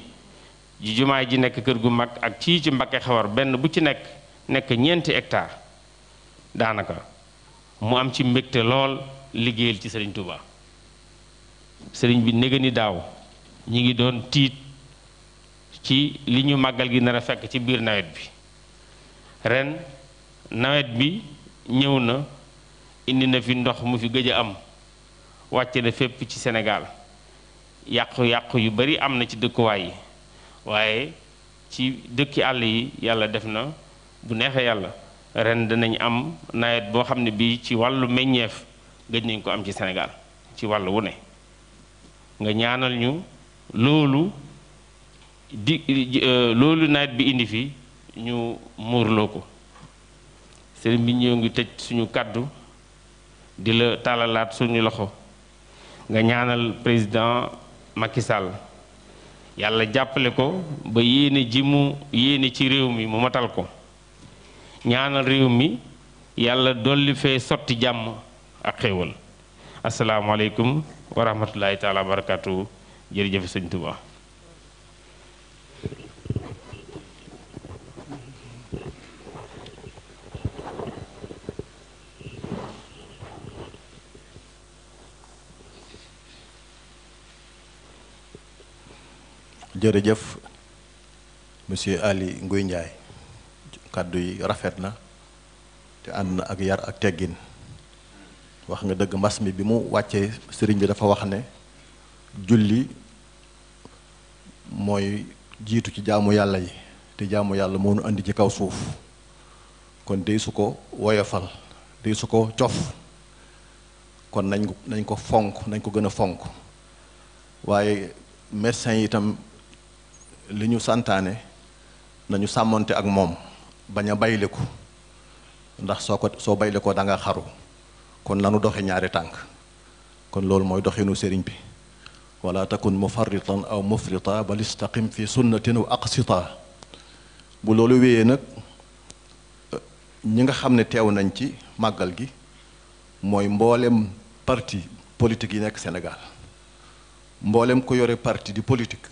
ji jumaay ji nekk kër gu mag ak ci ci Mbakke xewar benn bu ci nekk nekk ñeenti hectare daanaka mu am ci mbégte lool liggéeyal ci sëriñ Touba sëriñ bi néga ni daaw ñi ngi doon tiit ci li ñu màggal gi nar a fekk ci biir nawet bi ren nawet bi ñëw na indi na fi ndox mu fi gëj a am wàcce na fépp ci Sénégal yàqu-yàqu yu bari am na ci dëkkuwaay yi waaye ci dëkki àll yi yàlla def na bu neexee yàlla ren dinañ am nawet boo xam ne bii ci wàllu meññeef gëj nañ ko am ci senegal ci wàllu wu ne nga ñaanal ñu loolu di euh, loolu nawet bi indi fi ñu muurloo ko sëriñ bi ñëw ngi tëj suñu kàddu di la tàllalaat suñu loxo nga ñaanal président Macky Sall yàlla jàppale ko ba yéene ji mu yéene ci réew mi mu matal ko ñaanal réew mi yàlla dolli fee sotti jàmm ak xéewal asalaamaaleykum wa rahmatulahi taala wa barakatuhu jërëjëf sëñ monsieur Ali Nguy Ndiaye kàddu yi rafet na te ànd na ak yar ak teggin wax nga dëgg mbas mi bi mu wàccee sëriñ bi dafa wax ne julli mooy jiitu ci jaamu yàlla yi te jaamu yàlla moo nu indi ci kaw suuf kon dey su ko woyofal dey su ko cof kon nañ ko ko fonk nañ ko gën a fonk waaye médecin yi itam li ñu santaane nañu sàmmoonte ak moom bañ a bayliku ndax soo ko soo baylikoo da nga xaru kon lanu doxe ñaari tànk kon loolu mooy doxinu sëriñ bi wala takun mufarritan aw mufrita bal istaqim fi sunnatin wa aqsita bu loolu wéyee nag ñi nga xam ne teew nañ ci màggal gi mooy mbooleem parti politique yi nekk Sénégal mboolem ko yore parti di politique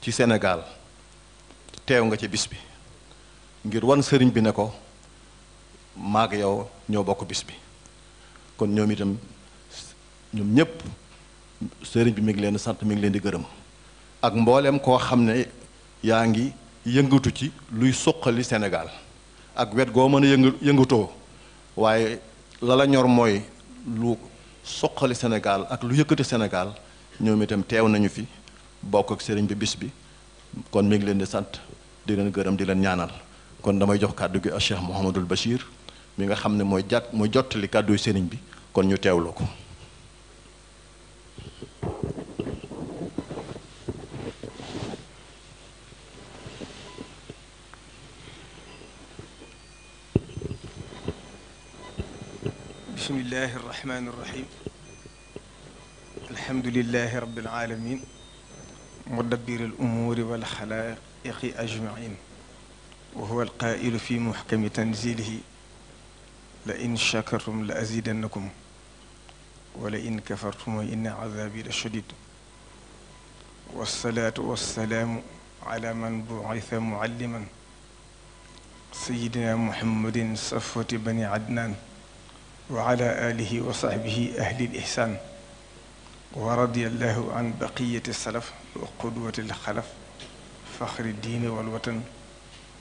ci Sénégal teew nga ci bis bi ngir wan sëriñ bi ne ko maag yow ñoo bokk bis bi kon ñoom itam ñoom ñépp sëriñ bi mi ngi leen sant mi ngi leen di gërëm ak mbooleem koo xam ne yaa ngi yëngatu ci luy suqali Sénégal ak wet goo mën a yëngu yëngatoo waaye la ñor mooy lu suqali Sénégal ak lu yëkkati Sénégal ñoom itam teew nañu fi bokk ak sëriñ bi bis bi kon mi ngi leen di sant di leen gërëm di leen ñaanal kon damay jox kàddu gi a Cheikh Mouhamadul Bachir mi nga xam ne mooy jàt mooy jottali kàddu sëriñ bi kon ñu teewloo ko bismillahi arrahmani irrahim wa huwa alqaa'ilu fi muhkami tanzilihi la in shakartum la azidannakum wala in kafartum wa inna azaabi la shadid wasalaatu wasalaamu ala man bu'itha mualliman sayidina muhammadin safwati bani adnaan wa ala alihi wa sahbihi ahli lihsaan wa radiyallahu an baqiyati salaf wa qudwati lxalaf faxri diini walwatan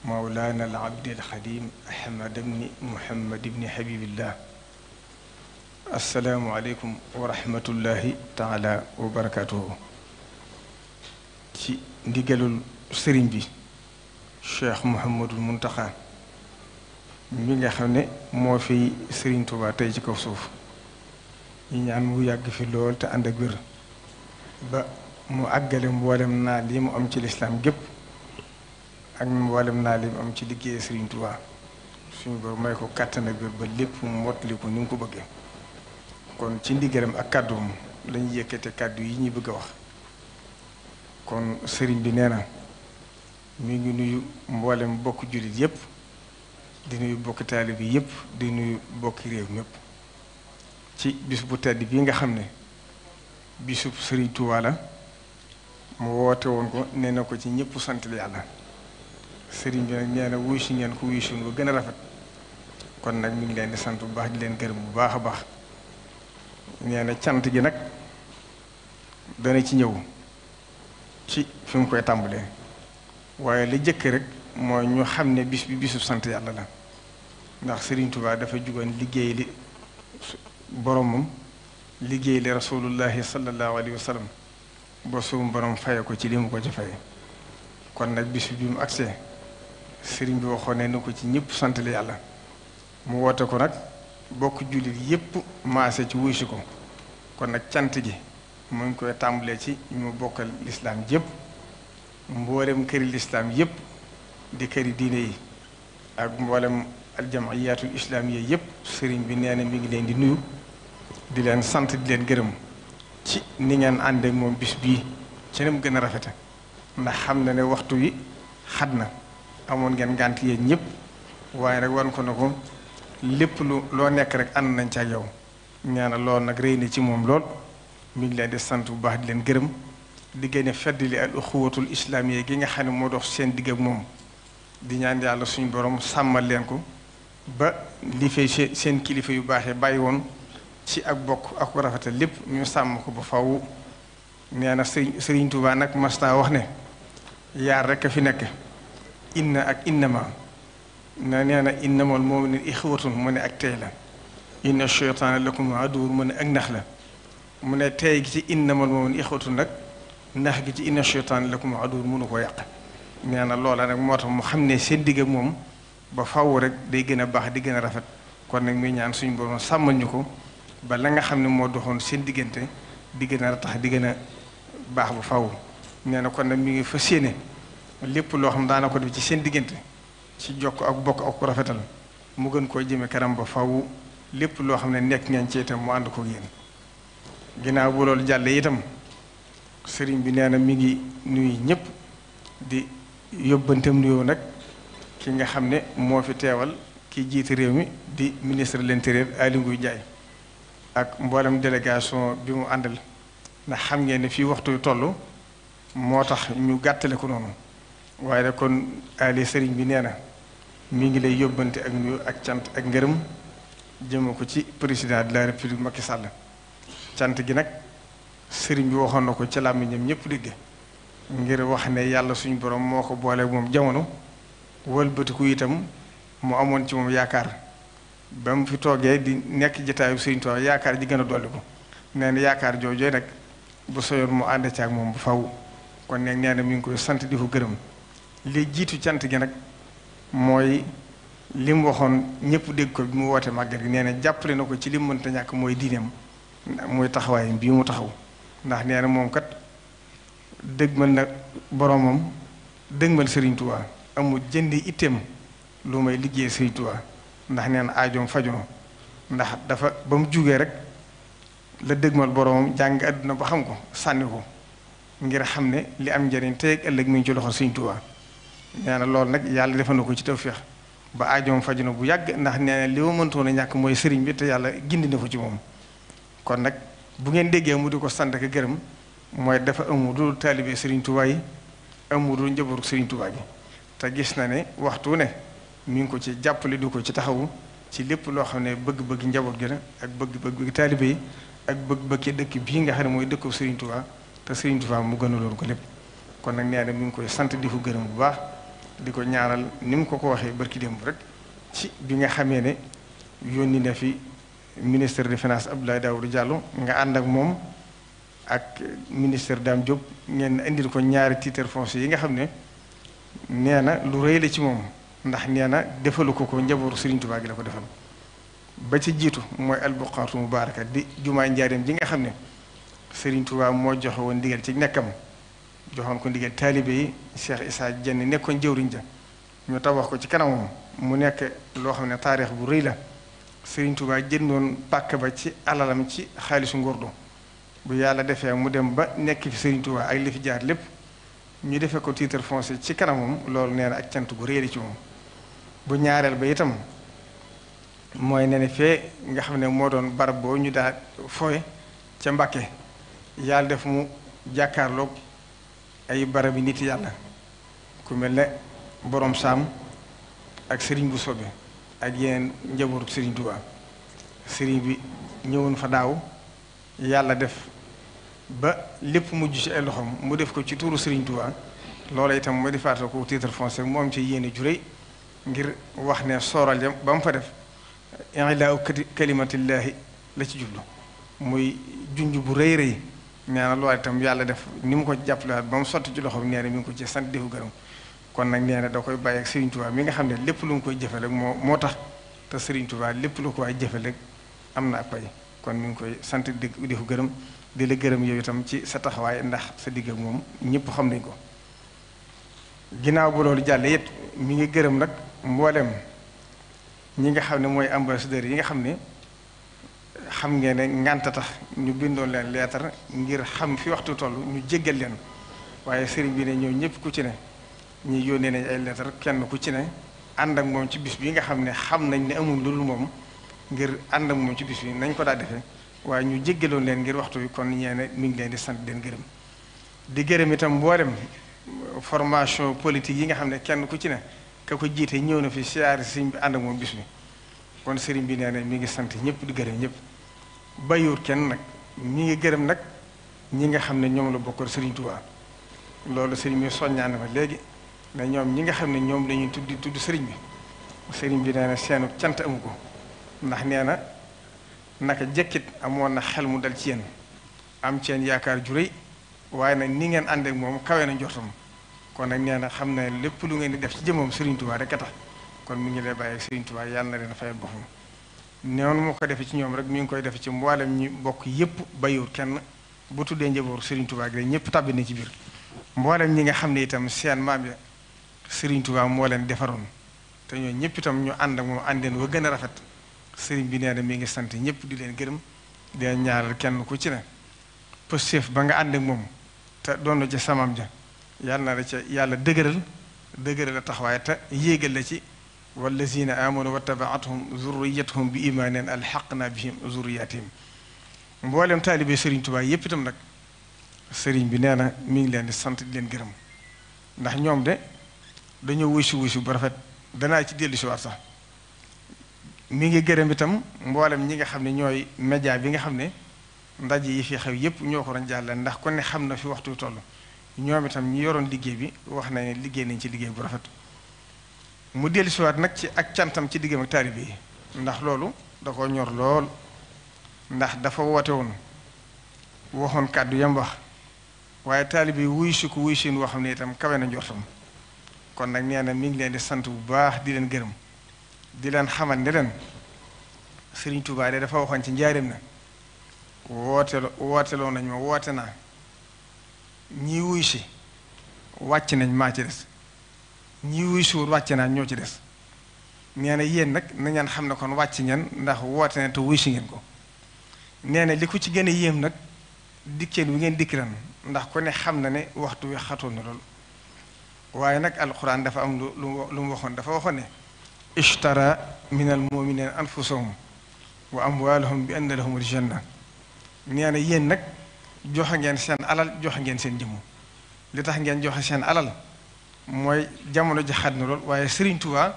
mawlaana al abdi al xadim ahmad bni muhammad bni habibillah assalaamu aleykum wa rahmatullahi taala ci ndigalul sëriñ bi cheikh muhammadul muntaxa mi nga xam ne moo fi sëriñ Tuubaa tey ci kaw suuf ñi ñaan mu yàgg fi lool te ànd ak wér ba mu àggale mboolem naa lii mu am ci lislaam gépp ak mboolem naa lim am ci liggéey Serigne Touba suñu borom may ko kàttan ak ba lépp mu ko ni mu ko bëggee kon ci ndigalam ak kàddoom lañu yëkkate kàddu yi ñuy bëgg a wax kon sëriñ bi nee na mi ngi nuyu mboolem bokk jullit yépp di nuyu bokk taalib yi yépp di nuyu bokki réew mépp ci bis bu tedd bii nga xam ne bisub Serigne Touba la mu woote woon ko nee na ko ci ñëpp sant yàlla. sëriñ bi nag nee na wuy si ngeen ko wuy si ko gën a rafet kon nag mi ngi leen di sant bu baax di leen gërëm bu baax a baax nee na cant ji nag dana ci ñëw ci fi mu koy tàmbalee waaye li jëkk rek mooy ñu xam ne bisu bi bisu sant yàlla la ndax sëriñ Tuubaa dafa jugoon liggéey li boromam liggéey li rasulullahi sallallahu alayhi wa sallam ba suum borom faye ko ci li mu ko ci faye kon nag bis bi mu agsee sëriñ bi waxoon ne na ko ci ñëpp sant la yàlla mu woote ko nag bokk jullit yépp maase ci wuy ko kon nag cant gi mu ngi koy tàmbalee ci ñu bokkal lislaam yépp mboolem këri lislaam di këri diine yi ak mboolem aljamiyaatul islaamiyya yépp sëriñ bi nee na mi ngi leen di nuyu di leen sant di leen gërëm ci ni ngeen ànd moom bis bii ci ne mu gën a rafete ndax xam na ne waxtu wi xat na amoon ngeen gànt yéen ñëpp waaye rek wan ko ne ko lépp lu loo nekk rek ànd nañ ci ak yow ñaana lool nag réy na ci moom lool mu ngi leen di sant bu baax di leen gërëm di gën a feddali al uxuwatul islaamiyya gi nga xam ne moo dox seen digg ak moom di ñaan yàlla suñu boroom sàmmal leen ko ba li fay seen kilifa yu baaxee bàyyi woon ci ak bokk ak rafetal lépp ñu sàmm ko ba faw nee na Serigne Serigne Touba nag mas wax ne yaar rek a fi nekk. inna ak innama na nee na innamal mu'minuuna ixwatun mu ne ak tey la inna sheytaana lakum aduwwun mu ne ak nax la mu ne tey gi ci innamal mu'minuuna ixwatun nag ndax gi ci inna sheytaana lakum aduwwun mënu ko yàq nee na loola nag moo tax mu xam ne seen digg ak moom ba faw rek day gën a baax di gën a rafet kon nag muy ñaan suñu borom sàmmal ñu ko ba la nga xam ne moo doxoon seen diggante di gën a tax di gën a baax ba faw nee na kon nag mi ngi fas yéene lépp loo xam daana ko def ci seen diggante ci jokk ak bokk ak rafetal mu gën koo jëme kanam ba fawu lépp loo xam ne nekk ngeen ci itam mu ànd ko yéen ginnaaw bu loolu jàlle itam sëriñ bi nee na mi ngi nuyu ñëpp di yóbbantam nuyoo nag ki nga xam ne moo fi teewal ki jiite réew mi di ministre de l'intérieur Aly Ngouille Ndiaye ak mboolem délégation bi mu àndal ndax xam ngeen ne fii waxtu wi toll moo tax ñu gàttale ko noonu waaye nag kon ali sëriñ bi nee na mi ngi lay yóbbante ak nuyu ak cant ak ngërëm jëme ko ci président de la république Macky Sall cant gi nag sëriñ bi waxoon na ko ci làmmiñam ñëpp dégg ngir wax ne yàlla suñu borom moo ko boole moom jamono wëlbatiku itam mu amoon ci moom yaakaar ba mu fi toogee di nekk jataayu sëriñ Tuubaa yaakaar ji gën a dolli ko nee yaakaar joojooy nag bu soyoon mu ànd ci ak moom bu faw kon nag nee na mi ngi koy sant di ko gërëm. li jiitu cant gi nag mooy li mu waxoon ñëpp dégg ko bi mu wootee màggal gi nee na jàppale na ko ci li mu mënta ñàkk mooy diineem mooy taxawaayam bii mu taxaw ndax nee na moom kat dëgmal na boromam dëgmal Serigne Touba amul jëndi itteem lu may liggéey Serigne Touba ndax nee na aajoom fajoon ndax dafa ba mu jugee rek la dëgg dëgmal boromam jàng àdduna ba xam ko sànni ko ngir xam ne li am njëriñ tey ëllëg mu ngi ci loxo Serigne Touba. nee na loolu nag yàlla defal na ko ci tawféex ba aajoom faju na bu yàgg ndax nee li ma mëntoon a ñàkk mooy sëriñ bi te yàlla gindi na ko ci moom kon nag bu ngeen déggee mu di ko sant gërëm mooy dafa amu dul taalibe sëriñ Tuubaa yi amu dul njabootu sëriñ Tuubaa bi te gis na ne waxtu ne mu ngi ko ci jàppale du ko ci taxawu ci lépp loo xam ne bëgg-bëgg njaboot gi la ak bëgg-bëgg taalibe yi ak bëgg-bëgg dëkk bii nga xam ne mooy dëkku sëriñ Tuubaa te sëriñ Tuubaa mu gën a gënaloon ko lépp kon nag nee mu ngi koy sant di ko gërëm bu baax di ko ñaaral ni mu ko ko waxee barki démb rek ci bi nga xamee ne yónni na fi ministre des finances Abdoulaye Daouda Diallo nga ànd ak moom ak ministre Dame Diop ngeen indil ko ñaari titre foncier yi nga xam ne nee na lu rëy la ci moom ndax nee na defalu ko ko njabootu Serigne Touba gi la ko defal ba ci jiitu mooy albuqaatu mubaaraka di jumaa njaareem ji nga xam ne Serigne Touba moo joxe woon ndigal ci nekkam. joxoon ko ndigal taalibe yi Cheikh Issa Dieng nekkoon jëwriñ ja ñu tabax ko ci kanamam mu nekk loo xam ne taarix bu rëy la Serigne Touba jëndoon pàkk ba ci alalam ci xaalisu ngordu bu yàlla defee mu dem ba nekk fi Serigne ak li fi jaar lépp ñu defee ko titre foncier ci kanamam loolu nee na ak cant gu rëy la ci moom. bu ñaareel ba itam mooy ne ne nga xam ne moo doon barab boo ñu daa fooy ca Mbàkke yàlla def mu jàkkaarloog. ay barabi nit yàlla ku mel ne borom saam ak sëriñ bu sobe ak yeneen njabootu sëriñ Tuubaa sëriñ bi ñëwoon fa daaw yàlla def ba lépp mujj ci ay loxoom mu def ko ci tuuru sëriñ Tuubaa loola itam ma defaata ko titre foncier mu ci yéene juréy ngir wax ne sooral yam ba mu fa def ilaa kalimatillahi la ci jublu muy junj bu rëy rëy nee na loolu itam yàlla def ni mu ko jàppalewaat ba mu sotti ci loxoom nee na mi ngi ko ci sant di ko gërëm kon nag nee na da koy bàyyi ak Serigne Touba mi nga xam ne lépp lu mu koy jëfee rek moo moo tax te Serigne Touba lépp lu ko waay jëfee rek am na ak pay kon mu ngi koy sant di di ko gërëm di la gërëm yooyu itam ci sa taxawaay ndax sa digg ak moom ñëpp xam nañ ko. ginnaaw bu loolu jàllee it mi ngi gërëm nag mboolem ñi nga xam ne mooy ambassadeurs yi nga xam ne. xam ngeen ne ngànt tax ñu bindoon leen leetar ngir xam fi waxtu toll ñu jéggal leen waaye sëriñ bi ne ñëw ñëpp ku ci ne ñi yónnee nañ ay kenn ku ci ne ànd ak moom ci bis bi nga xam ne xam nañ ne amul lu moom ngir ànd ak ci bis bi nañ ko daa defee waaye ñu jéggaloon leen ngir waxtu bi kon ñee mi ngi leen di sant leen gërëm di gërëm itam mboolem formation politique yi nga xam ne kenn ku ci ne ka jiite ñëw na fi siyaare sëriñ ànd moom bis bi kon sëriñ bi nee na mi ngi sant ñëpp di gërëm ñëpp bàyyiwut kenn nag mi ngi gërëm nag ñi nga xam ne ñoom la bokkal Serigne Touba loolu Serigne bi soññaa na ma léegi ne ñoom ñi nga xam ne ñoom lañuy ñuy tuddi tudd Serigne bi Serigne bi nee na seenu cant amu ko ndax nee na naka jekkit amoon na xel mu dal ci yéen am ci yéen yaakaar ju rëy waaye nag ni ngeen ànd moom kawe na njortam kon nag nee na xam ne lépp lu ngeen di def ci jëmoom Serigne Touba rek tax kon mi ngi lay bàyyi Serigne Touba yàlla na leen fayal boppam. noonu moo ko defee ci ñoom rek mi ngi koy defe ci mboolem ñi bokk yépp bayiwul kenn bu tuddee njabootu Serigne Touba gi ñëpp tàbbi nañ ci biir mboolem ñi nga xam ne itam seen maam ya Serigne Touba moo leen defaroon te ñoo ñëpp itam ñu ànd ak moom àndeen wa gën a rafet Serigne bi nee na mi ngi sant ñëpp di leen gërëm di leen ñaaral kenn ku ci ne pëstéef ba nga ànd ak moom te doon ci samam ja yàlla na la ca yàlla dëgëral dëgëral la taxawaay te yéegal la ci. wallazina amanu wattabaatuhum zurriyatuhum bi imaanin alxaqna bihim zurriyatihim mboolem taalibe sëriñ Tuubaa yépp itam nag sëriñ bi nee na mi ngi leen di sant di leen gërëm ndax ñoom de dañoo wuyu wuyu bu rafet danaa ci dellu si sax mi ngi gërëm itam mboolem ñi nga xam ne ñooy média bi nga xam ne ndaje yi fi xew yépp ñoo ko doon jàllale ndax kon ne xam na fi waxtu toll ñoom itam ñi yoroon liggéey bi wax na ne liggéey nañ ci liggéey bu rafet. mu dellusiwaat nag ci ak cantam ci diggam ak taalibe yi ndax loolu da ko ñor lool ndax dafa woote woon waxoon kàddu yam wax waaye taalibe yi wuy si ko wuy woo xam ne itam kawe na njortam kon nag nee na mi ngi leen di sant bu baax di leen gërëm di leen xamal ne leen Sëriñ Tuubaa de dafa waxoon ci njaareem na woote wooteloo nañ ma woote naa ñii wuy si wàcc nañ maa ci des ñi wuy suur wàcce naa ñoo ci des nee yéen nag na ngeen xam ne kon wàcc ngeen ndax woote na te wuy si ngeen ko nee na li ko ci gën a yéem nag dikkeen wi ngeen dikkiran ndax ko ne xam na ne waxtu wi xatoon na lool waaye nag alquran dafa am lu lu mu waxoon dafa waxoon ne ishtara min al muminina anfusahum wa amwaalahum bi anna lahum al janna nee na yéen nag joxe ngeen seen alal joxe ngeen seen jëmm li tax ngeen joxe seen alal mooy jamono ji xat na lool waaye Serigne tubaa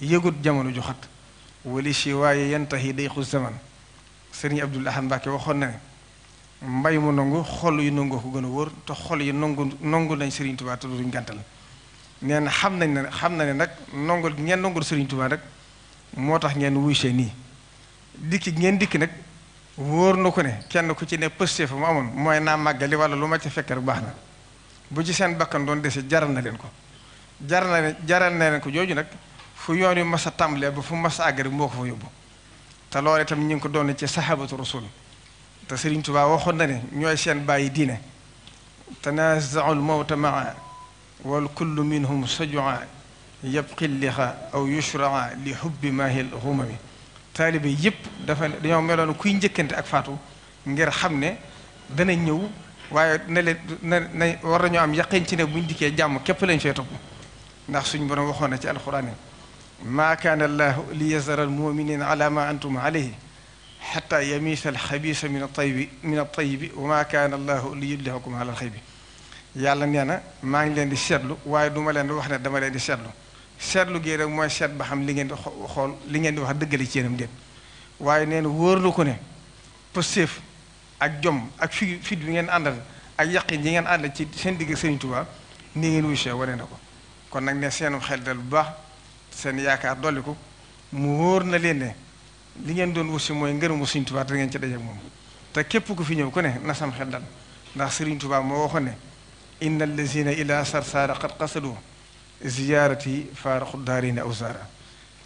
yëgut jamono ju xat wali si yi day dayqu zaman Serigne Abdoul Ahad mbaake waxoon na ne mbay mu nangu xol yu nangoo ko gën a wóor te xol yi nangu nangu nañ Serigne Touba te ñu gàntal nee neen xam nañ ne xam na ne nag gi ngeen nangul Serigne Touba rek moo tax ngeen wuy see nii dikki ngeen dikki nag wóor na ko ne kenn ku ci ne pëste fa mu amoon mooy naa màggali wala lu ma ca fekk rek baax na bu ci seen bakkan doon dese jaral na leen ko jaral na leen jaral na leen ko jooju nag fu yoon yu mas a tàmbalee ba fu mas a àgg moo ko fa yóbbu te loolu itam ñu ngi ko doon ci sahabatu rasul te Sëriñ Tuubaa waxoon na ne ñooy seen bàyyi diine tanaazaul mawta maa wal kullu minhum sajua yabqi lixa aw yushraa li hubbi maahil xumami taalibe yëpp dafa dañoo meloon kuy njëkkante ak faatu ngir xam ne dana ñëw waaye na leen na na war nañoo am yaqin ci ne buñ dikkee jàmm képp lañ fee topp ndax suñ borom waxoon na ci alquran maa kaana allahu li yazara almuminina ala ma antum alayhi xata yamiisa alxabisa min atayibi min atayibi wa maa kaana allahu li yudlihakum ala alxaybi yàlla nee na maa ngi leen di seetlu waaye duma leen di wax ne dama leen di seetlu seetlu gi rek mooy seet ba xam li ngeen di xool li ngeen di wax dëggale ci yéenam déet waaye nee na wóor na ko ne pësteef ak jom ak fi fit bi ngeen àndal ak yaqin yi ngeen àndal ci seen digg Sëriñ Tuubaa ni ngeen wushee wane na ko kon nag ne seenum xel dal bu baax seen yaakaar dolli ko mu wóor na leen ne li ngeen doon wut si mooy ngërëmu Sëriñ Tuubaa te ngeen ci dajeek moom te képp ku fi ñëw ku ne na sam xel dal ndax Sëriñ Tuubaa moo waxoon ne inna allazina ila sarsaara qad qasadu ziyaarati faaraqu daarina aw saara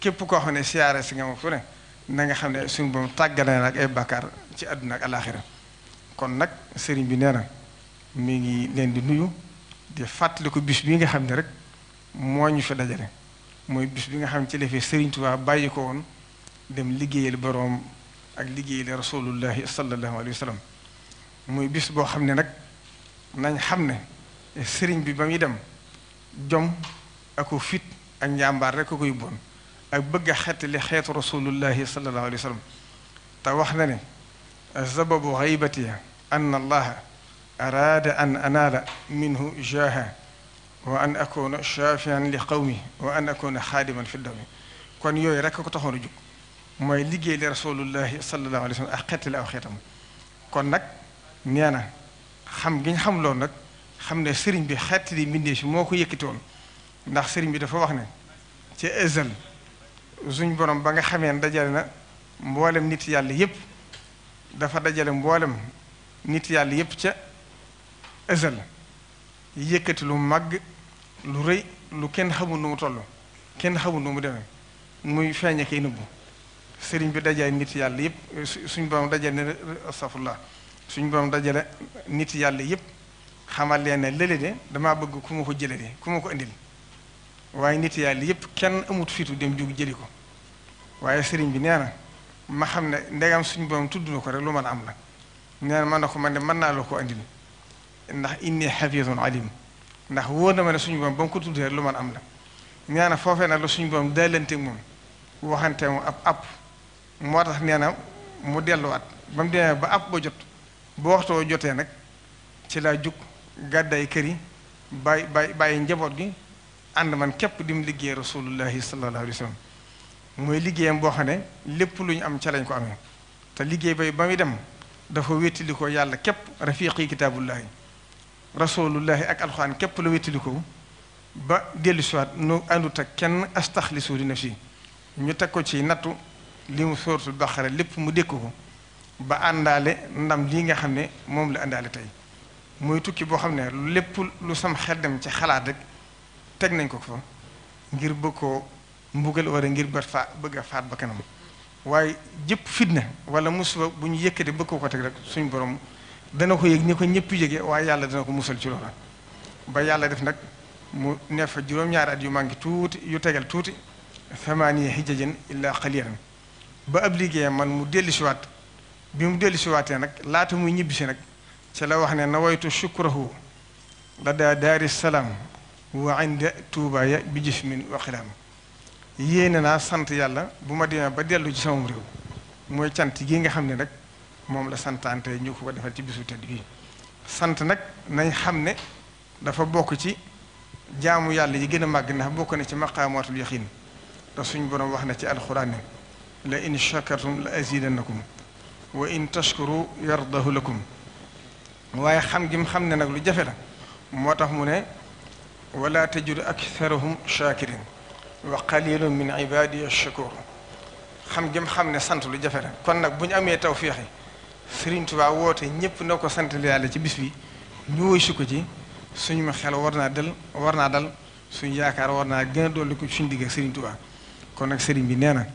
képp koo xam ne siyaare si nga moom ku ne na nga xam ne suñu boom tàggale na ay bàkkaar ci àdduna ak kon nag sëriñ bi nee na mi ngi leen di nuyu di fàttaliku ko bis bi nga xam ne rek moo ñu fi dajale mooy bis bi nga xam ne ci la fi sëriñ Tuubaa bàyyi ko woon dem liggéeyal boroom ak liggéeyal rasulullahi sallallahu alayhi wa sallam muy bis boo xam ne nag nañ xam ne sëriñ bi ba muy dem jom ako fit ak njàmbaar rek a ak bëgg a xeetu rasulullahi sallallahu alayhi wa te wax na ne sababu xaybatiya أن الله أراد أن أنال منه جاها وأن أكون wa لقومي وأن أكون خادما في الدوم kon yooyu rekk ko taxoon a jóg mooy liggéey li rasulullahi sallallahu alayhi wa sallam ak xeet la aw xeetam kon nag nee na xam giñ xam loolu nag xam ne sëriñ bi xeet li mbindee moo ko yëkkati woon ndax sëriñ bi dafa wax ne ci ezel suñ borom ba nga xamee dajale na mboolem nit yàlla yépp dafa dajale mboolem nit yàlla yépp ca ësal yëkkati lu màgg lu rëy lu kenn xamul nu mu toll kenn xamul nu mu demee muy feeñe kay nëbbu sëriñ bi dajaay nit yàlla yépp suñ borom dajale ne suñ borom dajale nit yàlla yépp xamal leen ne lële de damaa bëgg ku ma ko jële de ku ma ko indil waaye nit yàlla yépp kenn amut fitu dem jug jëli ko waaye sëriñ bi nee na ma xam ne ndegam suñ borom tudd na ko rek lu mën a am la neen man na ko man de mën naa loo ko andil ndax inni xafisun alim ndax woo na ma ne suñu boom ba ko tuddee lu man am la nee na foofee nag la suñu boom daalante moom waxante mu ab ab moo tax nee na mu delluwaat ba mu demee ba ab ba jot boo waxtoo jotee nag ci laa jug gàddaay kër yi bàyyi bàyyi bàyyi njaboot gi ànd man képp di mu liggéey rasulullahi sallallahu alayhi wa mooy liggéeyam boo xam ne lépp lu ñu am ca lañ ko amee te liggéey bay ba muy dem dafa wéttalikoo yàlla képp rafiqi kitaabullahi rasulullahi ak alxuraan képp la wéttalikoo ba dellu siwaat nu àndut ak kenn astaxlisu li nafsi ñu teg ko ci nattu li mu sóortu baqara lépp mu dékk ko ba àndaale ndam lii nga xam ne moom la àndaale tey muy tukki boo xam ne lépp lu sam xel dem ci xalaat rek teg nañ ko fa ngir bëgg koo mbugal wala ngir ba fa bëgg a faat ba kanam waaye jëpp fitna wala musiba bu ñu yëkkati bëgg ko teg rek suñu borom dana ko yëg ni ko ñëpp yëgee waaye yàlla dana ko musal ci loola ba yàlla def nag mu ne fa juróom-ñaari at yu manqué tuuti yu tegal tuuti thamaaniya hijajan illa qalilan ba ab liggéeyam man mu dellu siwaat bi mu dellu yi nag laata muy ñibbisi nag ci la wax ne nawaytu shukrahu la daa daari salaam wa inda tuubaaya bi jismin wa xilaam yéene naa sant yàlla bu ma demee ba dellu ci samam réew mooy cant gi nga xam ne nag moom la santaante ñu ko ko ci bisu tedd bii sant nag nañ xam ne dafa bokk ci jaamu yàlla yi gën a màgg ndax bokk na ci maqaamaatul yaqiin te suñ borom wax na ci alxuraan ne la in shakartum la azidannakum wa in tashkuru yardahu lakum waaye xam gi mu xam ne nag lu jafe la moo tax mu ne wala tajidu aktharahum shakirin wa qalilun min ibadiya shakur xam gëm xam ne sant lu jafe la kon nag bu ñu amee taw féexe Serigne Touba woote ñëpp na ko sant yàlla ci bis bi ñu woy si ko ci suñu xel war naa dal war naa dal suñu yaakaar war naa gën a dolli ko suñu digg ak Serigne kon nag Serigne bi nee na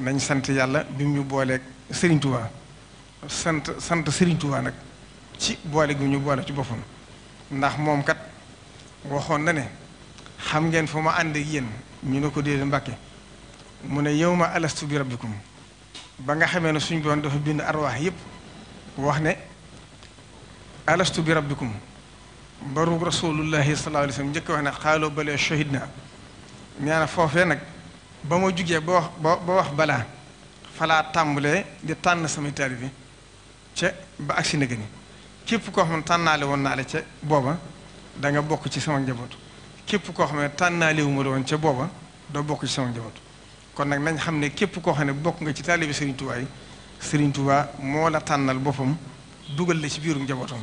nañ sant yàlla bi mu ñu booleeg Serigne Touba sant sant Serigne nag ci boole gi ñu boole ci boppam ndax moom kat waxoon na ne. xam ngeen fu ma ànd ak yéen ñu ne ko déedéet Mbàkke mu ne yow ma alastu bi rabbikum ba nga xamee ne suñ boon dafa bind arwaax yépp wax ne alastu bi rabbikum baru rasulullahi sallallahu alayhi njëkk wax ne xaaloo balee shahidna nee na foofee nag ba ma jugee ba wax ba wax balaa falaa tàmbalee di tànn samay taalibe ca ba agsi na gëni képp koo xam ne tànnaale woon naa la ca booba da bokk ci sama njaboot képp koo xam ne tànnaalewu ma doon ca booba doo bokk ci sama njaboot kon nag nañ xam ne képp koo xam ne bokk nga ci taalibi Serigne Touba yi Serigne Touba moo la tànnal boppam dugal la ci biiru njabootam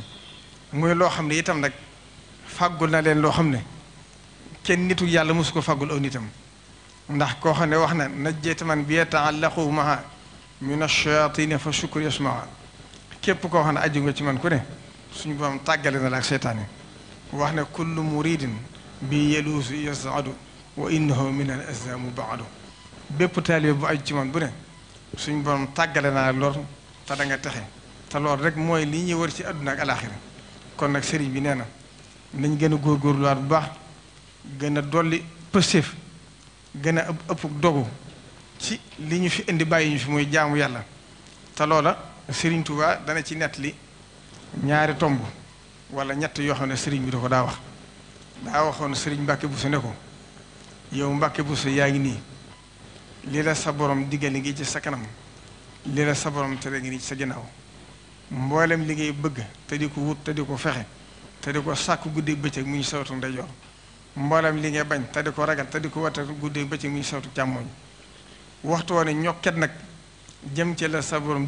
muy loo xam ne itam nag faggul na leen loo xam ne kenn nitu yàlla mosu ko fàggul aw nitam ndax koo xam ne wax na najjeyta man bi yataallaqu maha min ash-shayatin fa shukru yasmaa képp koo xam ne aju nga ci man ku ne suñu borom tàggale la ak seytaane wax ne kullu bi yeluusu yasaadu wa innahu min al islaamu baadu bépp taalibe bu aju ci man bu ne suñ bon tàggale naa lor te da texe te lool rek mooy li ñuy wër ci àdduna ak alaaxira kon nag sëriñ bi nee na nañ gën a góorgóorluwaat bu baax gën a dolli pëstéef gën a ëpp dogu ci li ñu fi indi bàyyi ñu fi muy jaamu yàlla te loola sëriñ tubaa dana ci li ñaari tomb wala ñett yoo xam ne sëriñ bi da ko daa wax daa waxoon sëriñ Mbàkke bu ne ko yow bu Buso yaa ngi nii li la sa borom digal ngi ci sa kanam li la sa borom tere ngi ci sa mboolem li bëgg te di ko wut te ko fexe te di ko sàkk guddeeg bëccëg mu ñu sawtu ndeyjoor li ngay bañ te ko ragal te ko watta guddeeg bëccëg mu ñu sawtu càmmooñ waxtu woon ñokket nag jëm ci la sa borom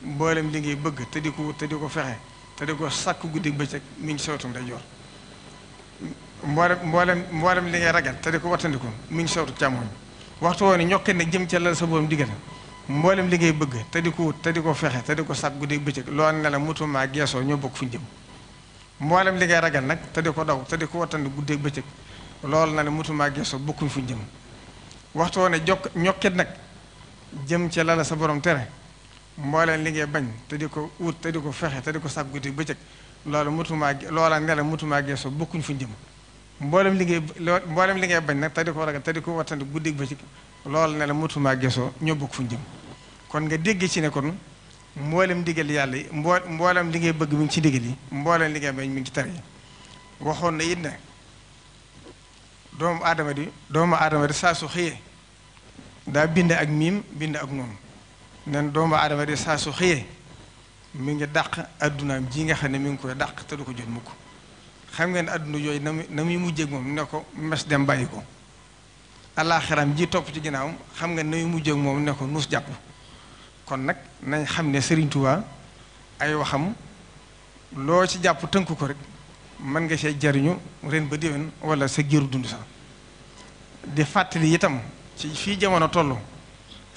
mboolem li ngay bëgg te ko wut te ko fexe te ko sàkk guddi bëccëg mu ñu sawtu ndeyjoor mboolem mboolem mboolem li ngay ragal te ko wattandiku mu ngi sootu càmmoñ waxtu woo ne ñokke ne jëm ca lal sa boom digal mboolem li bëgg te di ko te di fexe te di ko sàkk guddi bëccëg loo ne la mutumaa geesoo bokk fu ñu jëm mboolem li ngay ragal nag te ko daw te di ko wattandi guddi bëccëg loolu na ne mutumaa geesoo bokkuñ fu jëm waxtu woo ne jokk ñokkit nag jëm ca lala sa boroom tere mbooleen li ngay bañ te ko wut te ko fexe te ko sàkk guddi bëccëg loolu mutumaa loola ne la mutumaa geesoo bokkuñ fu ñu jëm mboolem li ngay li ngay bañ nag te di ko ragal te di ko wattandi guddeeg ba ci loolu ne la motuma gesoo ñoo bokk fu ñu kon nga dégg ci ne kon mboolem digal yàlla yi mboo mboolem li ngay bëgg mu ngi ci digal yi mboolem li ngay bañ mi ngi ci tere yi waxoon na it ne doomu aadama di doomu aadama di saa su xëyee daa bind ak miim bind ak noonu nen doomu aadama di saa su xëyee mi ngi dàq addunaam ji nga xam ne mu ngi koy dàq te du ko jot mukk xam ngeen àdduna yooyu na muy na muy mujjeeg moom ne ko mes dem bàyyi ko alaaxiraam ji topp ci ginnaawam xam ngeen ne muy mujjeeg moom ne ko nuus jàpp kon nag nañ xam ne Serigne Touba ay waxam loo ci jàpp tënk ko rek mën nga see jariñu ren ba déwén wala sa géru dund sax di fàttali itam ci fii jamono toll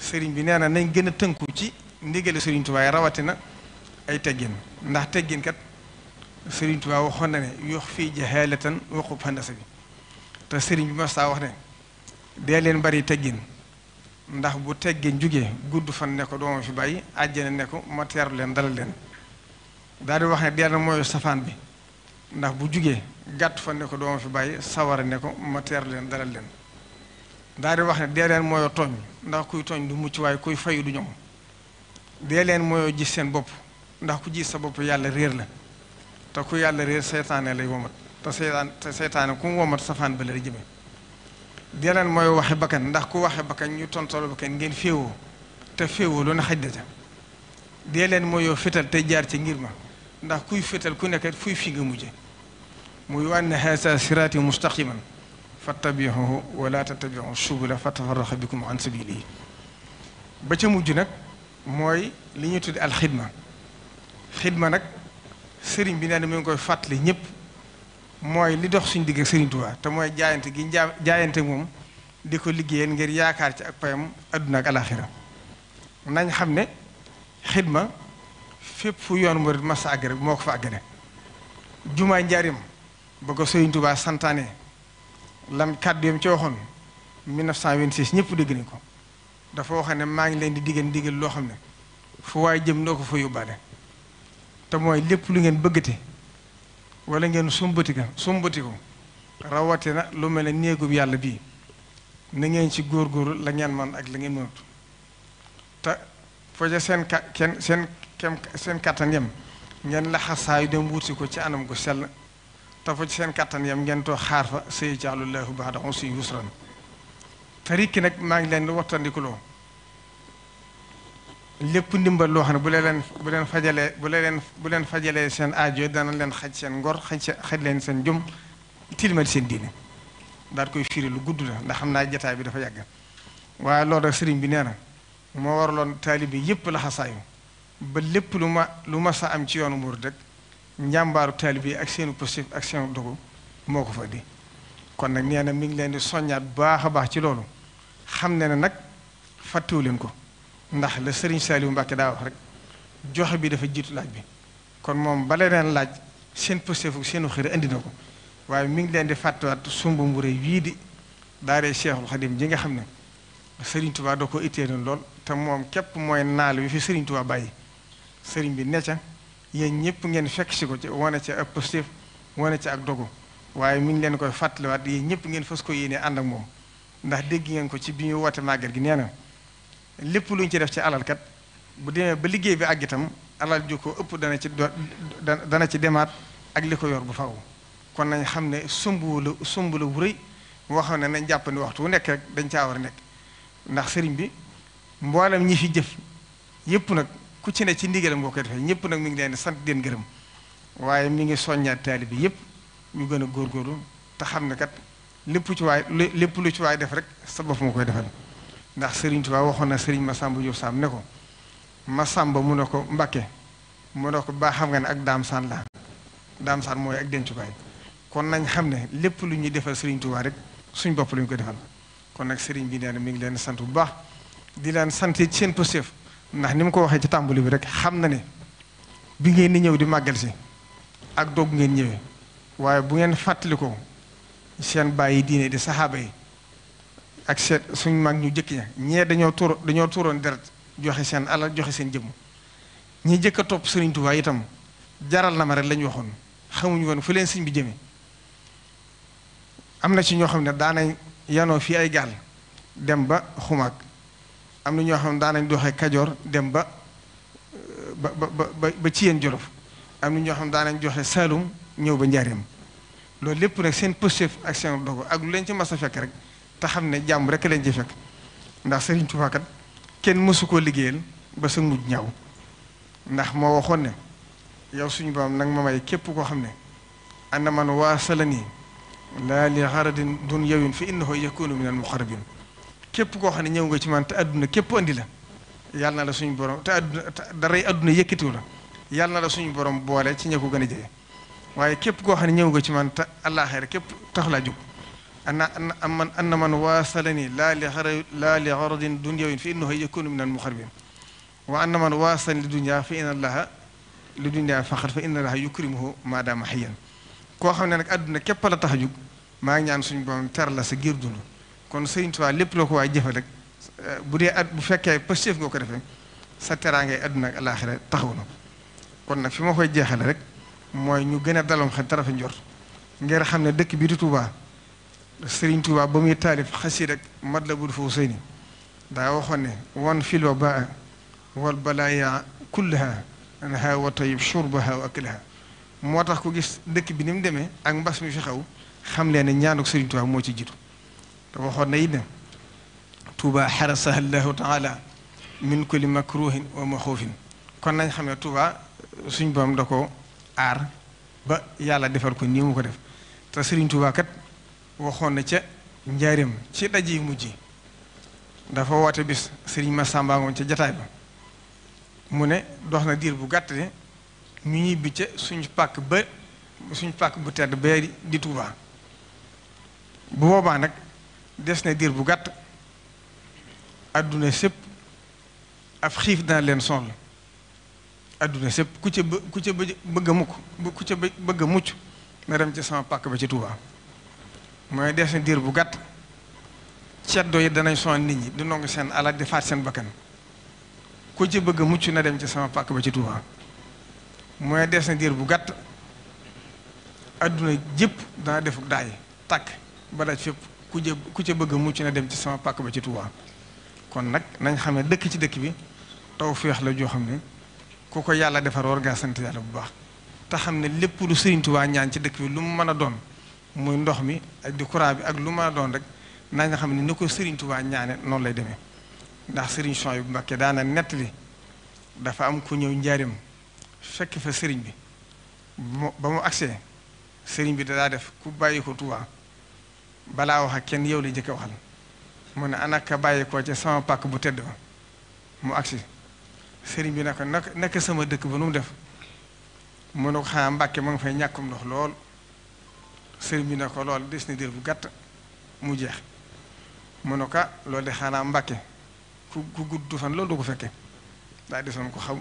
sëriñ bi nee na nañ gën a tënku ci ndigale Serigne rawatina ay teggin ndax teggin Serigne Touba waxoon na ne yox fii jahalatan waxu handasa bi te sëriñ bi Massa wax ne dee leen bari teggin ndax bu teggin jugee gudd fan ne ko doomam fi bàyyi àjjana ne ko ma teeru leen dalal leen daal di wax ne dee na bi ndax bu jugee gàtt fan ne ko doomam fi bàyyi sawara ne ko ma leen dalal leen daal wax ne dee leen mooy tooñ ndax kuy tooñ du mucc waaye kuy fayu du ñëw dee leen mooy gis seen bopp ndax ku gis sa bopp yàlla réer la. te ku yàlla reer seytaane lay womat te seytaan te seytaane ku mu womat safaan ba lay jëme jeneen mooy waxe bakkan ndax ku waxe bakkan ñu tontol bakkan ngeen féewoo te féewoo lu na xaj da ca dee leen mooy yow fétal te jaar ci ngir ma ndax kuy fétal ku nekkat fuy fi nga mujje muy wànne haasa siraati mustaqiman fattabihuhu wala tattabihu subula fatafarraxa bikum an sabilihi ba ca mujj nag mooy li ñuy tudde alxidma xidma nag sëriñ bi nee na mi ngi koy fàttali ñëpp mooy li dox suñ digg ak sëriñ Tuubaa te mooy jaayante gi jaa jaayante moom di ko liggéeyal ngir yaakaar ci ak payam adduna ak alaxira nañ xam ne xidma fépp fu yoon murit masa àgg moo ko fa àggale jumaa njaarim ba ko sëriñ Tuubaa santaane lam kàddu yam ci waxoon 1926 ñëpp dégg nañ ko dafa wax ne maa ngi leen di diggan diggal loo xam ne fu waaye jëm noo ko fa yóbbaale te mooy lépp lu ngeen bëggati wala ngeen sumbati ka sumbati ko rawatina lu mel ne néegub yàlla bii na ngeen ci góor góor la ngeen man ak la ngeen mënut te foje seen ka kenn seen kem seen kattan yem ngeen laxasaayu dem wuti ko ci anam gu sell te foje seen kattan yem ngeen too xaar fa sayaj'alu llaahu ba'da usrin yusran te rikki nag maa ngi leen di wattandikuloo lépp ndimbal loo xam ne bu leen bu leen fajalee bu leen bu leen fajalee seen aajo dana leen xaj seen ngor xaj seen xaj leen seen jom tilimal seen diine daal koy firi lu gudd la ndax xam naa jataay bi dafa yàgg waaye loolu rek sëriñ bi nee na moo waraloon taalibe yépp la xasaayu ba lépp lu ma lu ma sa am ci yoonu murid rek njàmbaaru taalibe yi ak seenu positif ak seenu dogu moo ko fa di kon nag nee na mi ngi leen di soññaat baax a baax ci loolu xam ne na nag fàttewu leen ko ndax la sëriñ Saliou Mbacke daa wax rek joxe bi dafa jiitu laaj bi kon moom bale leen laaj seen pësteefu seen xëy andi na ko waaye mi ngi leen di fàttewaat sumb mu rëy wii di daaree Cheikhul Khadim ji nga xam ne sëriñ Touba da ko ittee lool te moom képp mooy naal wi fi sëriñ Touba bàyyi sëriñ bi ne yéen ñëpp ngeen fekk ko ci wane ca ak wane ca ak dogu waaye mi ngi leen koy fàttaliwaat yéen ñëpp ngeen fas ko yéene ànd ak moom ndax dégg ngeen ko ci bi ñu woote màggal gi nee na lépp lu ñu ci def ci alal kat bu demee ba liggéey bi ak itam alal ju ko ëpp dana ci dana ci demaat ak li ko yor bu faw kon nañ xam ne sumbu la sumbu la xam ne nañ jàpp ne waxtu wu nekk rek dañ caa war a nekk ndax sëriñ bi mboolem ñi fi jëf yëpp nag ku ci ne ci ndigalam boo koy defee ñëpp nag mu ngi leen di sant den gërëm waaye mi ngi soññaat taalibe yëpp ñu gën a góor góoru te xam ne kat lépp ci waay lépp lu ci waaye def rek sa bopp nga koy defal ndax Serigne Touba waxoon na Serigne Massamba Diop Samb ne ko Massamba mu ne ko Mbakke mu ne ko baa xam nga ne ak Daam Saan la Daam mooy ak dencukaay kon nañ xam ne lépp lu ñuy defal Serigne Touba rek suñ bopp lu ñu ko defal kon nag Serigne bi nee na mi ngi leen sant bu baax di leen sant ci seen positif ndax ni mu ko waxee ci tàmbali bi rek xam na ne bi ngeen di ñëw di màggal si ak doog ngeen ñëwee waaye bu ngeen fàttali ko seen bàyyi diine di saxaaba yi. ak seen suñ mag ñu jëkk ña ñee dañoo tuur dañoo tuuroon deret joxe seen alal joxe seen jëmm ñi jëkk a topp sëriñ Tuubaa itam jaral na ma rek la waxoon xamuñu woon fu leen sëñ bi jëme am na ci ñoo xam ne daanañ yanoo fii ay dem ba xumaag am na ñoo xam ne daanañ doxee kajoor dem ba ba ba ba ci yéen jolof am na ñoo xam ne daanañ joxe saalum ñëw ba njaareem loolu lépp nag seen pëstéef ak seen dogo ak lu leen ci mas a fekk rek te xam ne jàmm rekk lañ ci fekk ndax Serigne Touba kat kenn mësu koo liggéeyal ba sa mujj ñaaw ndax moo waxoon ne yow suñu borom nag ma may képp koo xam ne ana man waasalani laa li xaradin dunyawin fa innahu yakunu min al muqarrabin képp koo xam ne ñëw nga ci man te àdduna képp andi la yàlla na la suñu borom te àdduna daray àdduna yëkkatiw la yàlla na la suñu borom boole ci ña ko gën a jege waaye képp koo xam ne ñëw nga ci man te àllaaxira képp tax laa jóg ana man anna man waasalani laa li laa li garadin dunyawin fa innahu yakunu min almuqarrabin wa anna man waasalani li dunya fa inna allaha li dunya faqat fa inna allaha yukrimuhu maadaama hayyan koo xam ne nag àdduna képp la tax a jóg maa ngi ñaan suñu borom ter la sa giir dund kon Sëriñ Tuubaa lépp loo ko waay jëfe rek bu dee at bu fekkee positif nga ko defee sa teraangay àdduna ak alaaxira taxaw na kon nag fi ma koy jeexale rek mooy ñu gën a dalom xel tarafa njor xam ne dëkk bii di Tuubaa seriñ Tuubaa ba muy taalif xasi rek Matlabul Fawzayni daa waxoon ne wan fil wabaa wal balaaya kullaha anha wa tayib shurbaha wa aklaha moo tax ko gis dëkk bi ni mu demee ak mbas mi fi xam leen ne ñaanuk Sëriñ moo ci jiitu waxoon na it ne Tuubaa xarasaha allahu taala min kulli makruhin wa maxoofin kon nañ xam ne Tuubaa suñ boom da ko aar ba yàlla defal ko nii mu ko def te Sëriñ Tuubaa kat waxoon na ca njaarim ci daje yi mujj dafa woote bis sëriñ Massamba ngoon ca jataay ba mu ne dox na diir bu gàtt ne ñu ñibbi ca suñu pàkk ba suñu pàkk bu tedd ba di Touba bu boobaa nag des na diir bu gàtt adduna sépp ab xiif dana leen sonal adduna sépp ku ca ku ca bëgg a mukk ku ca bëgg a mucc na dem ca sama pàkk ba ca Touba mooy des na diir bu gàtt ceddo yi danañ sonal nit ñi di nangu seen alal di seen bakkan ku ci bëgg mucc na dem ci sama pàkk ba ci Touba mooy des na diir bu gàtt adduna jëpp dana defuk daay tàkk ba daj ku jë ku ci bëgg mucc na dem ci sama pàkk ba ci Touba kon nag nañ xam ne dëkk ci dëkk bi taw féex la joo xam ne koo ko yàlla defar war ngaa sant yàlla bu baax te xam ne lépp lu Sëriñ Touba ñaan ci dëkk bi lu mu mën a doon muy ndox mi ak di courant bi ak lu ma doon rek naa nga xam ne ni ko Serigne Touba ñaane noonu lay demee ndax Serigne Chouaïb yu Mbacké daana nett li dafa am ku ñëw njaarim fekk fa sëriñ bi ba mu agsee Serigne bi dadaa def ku bàyyi ko Touba balaa wax kenn yow la jëkk a waxal mu ne anaka ca sama pàkk bu tedd ba mu agsi Serigne bi ne ko nekk sama dëkk ba nu mu def mu ne ko xanaa Mbacké ma nga fay ñàkkum ndox lool sëriñ bi ne ko loolu des na diir bu gàtt mu jeex mu ne ko ah, lool de xanaa mbàkke ku ku gudd fan loolu du ko fekke daa defoon ko xam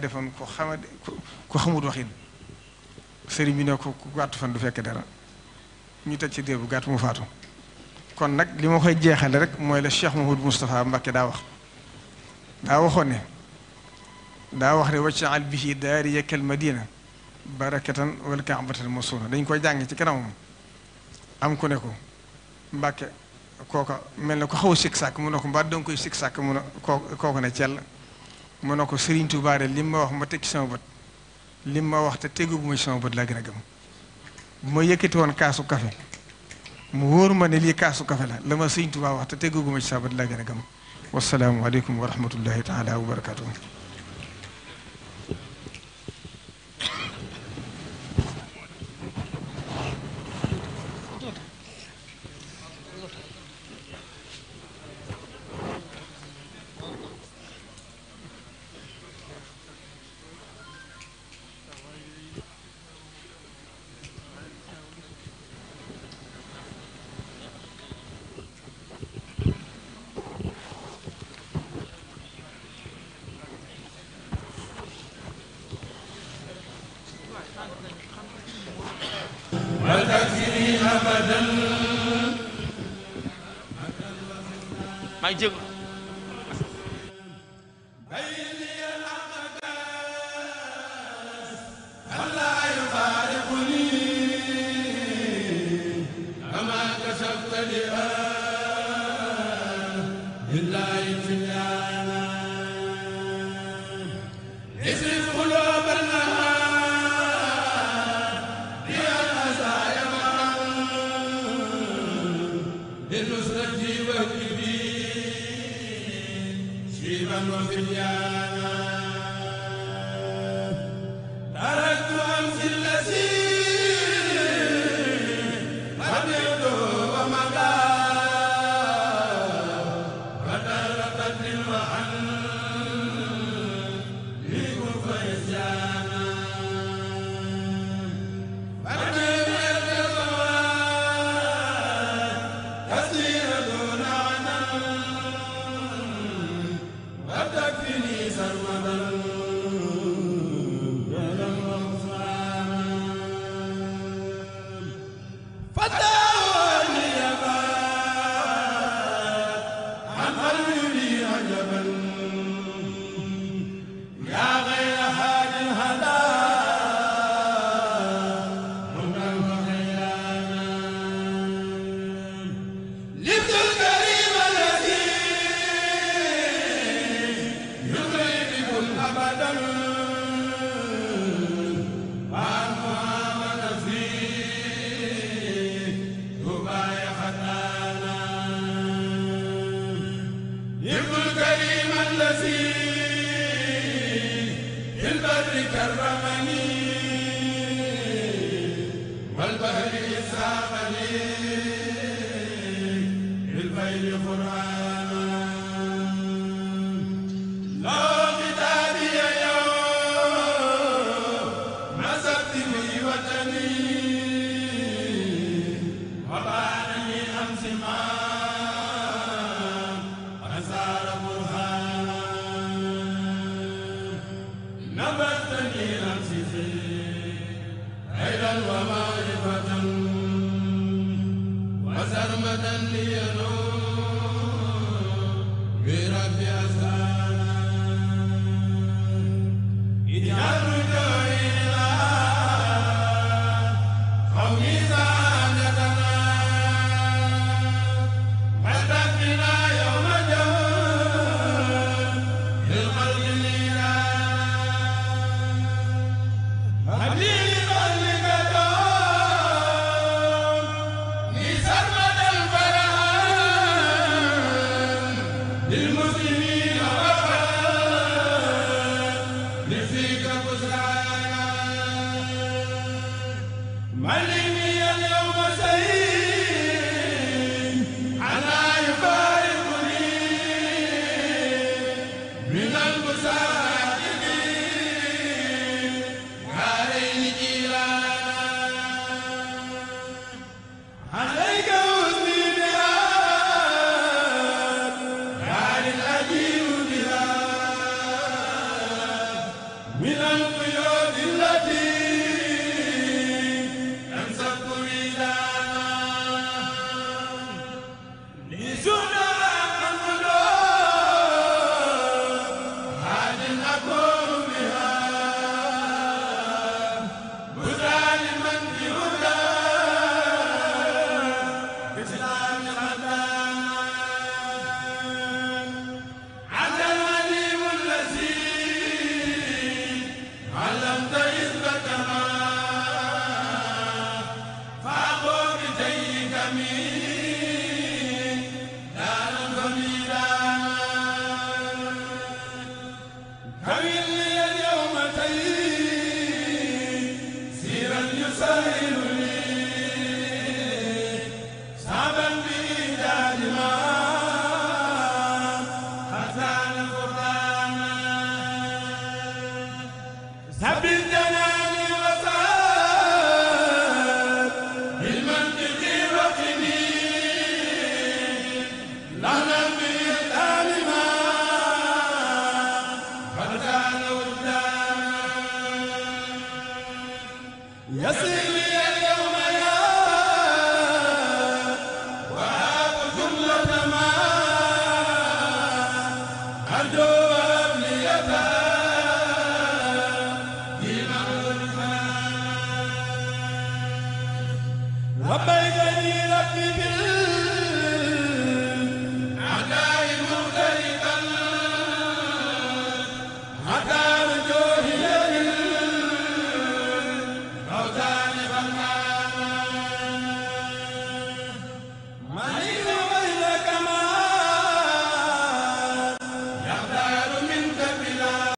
defoon ko xama ko xamut waxin sëriñ bi ne ko ku gàtt fan du fekke dara ñu teg ci diir bu gàtt mu faatu kon nag li ma koy jeexale rek mooy la Cheikh Mahmoud Moustapha Mbàkke daa wax daa waxoon ne daa wax ne waccaal bihi daariya kal madina barakatan wal kaabatal masuuna dañ koy jàng ci kanamam am ku ne ko mbàkke kooka mel na ko xaw a sikk sàkk mu ne ko mbaa danga koy sikk sàkk mu ne koo kooku ne cell mu ne ko sëriñ Tuubaa de li ma wax ma teg ci sama bët li ma wax te tegu bu ma ci sama bët laa gën a gëm bu ma woon kaasu kafe mu wóor ma ne lii kaasu kafe la la ma sëriñ Tuubaa wax te tegu bu ma ci sama bët laa gën a gëm wasalaamualeykum wa rahmatullahi taala wa barakatuh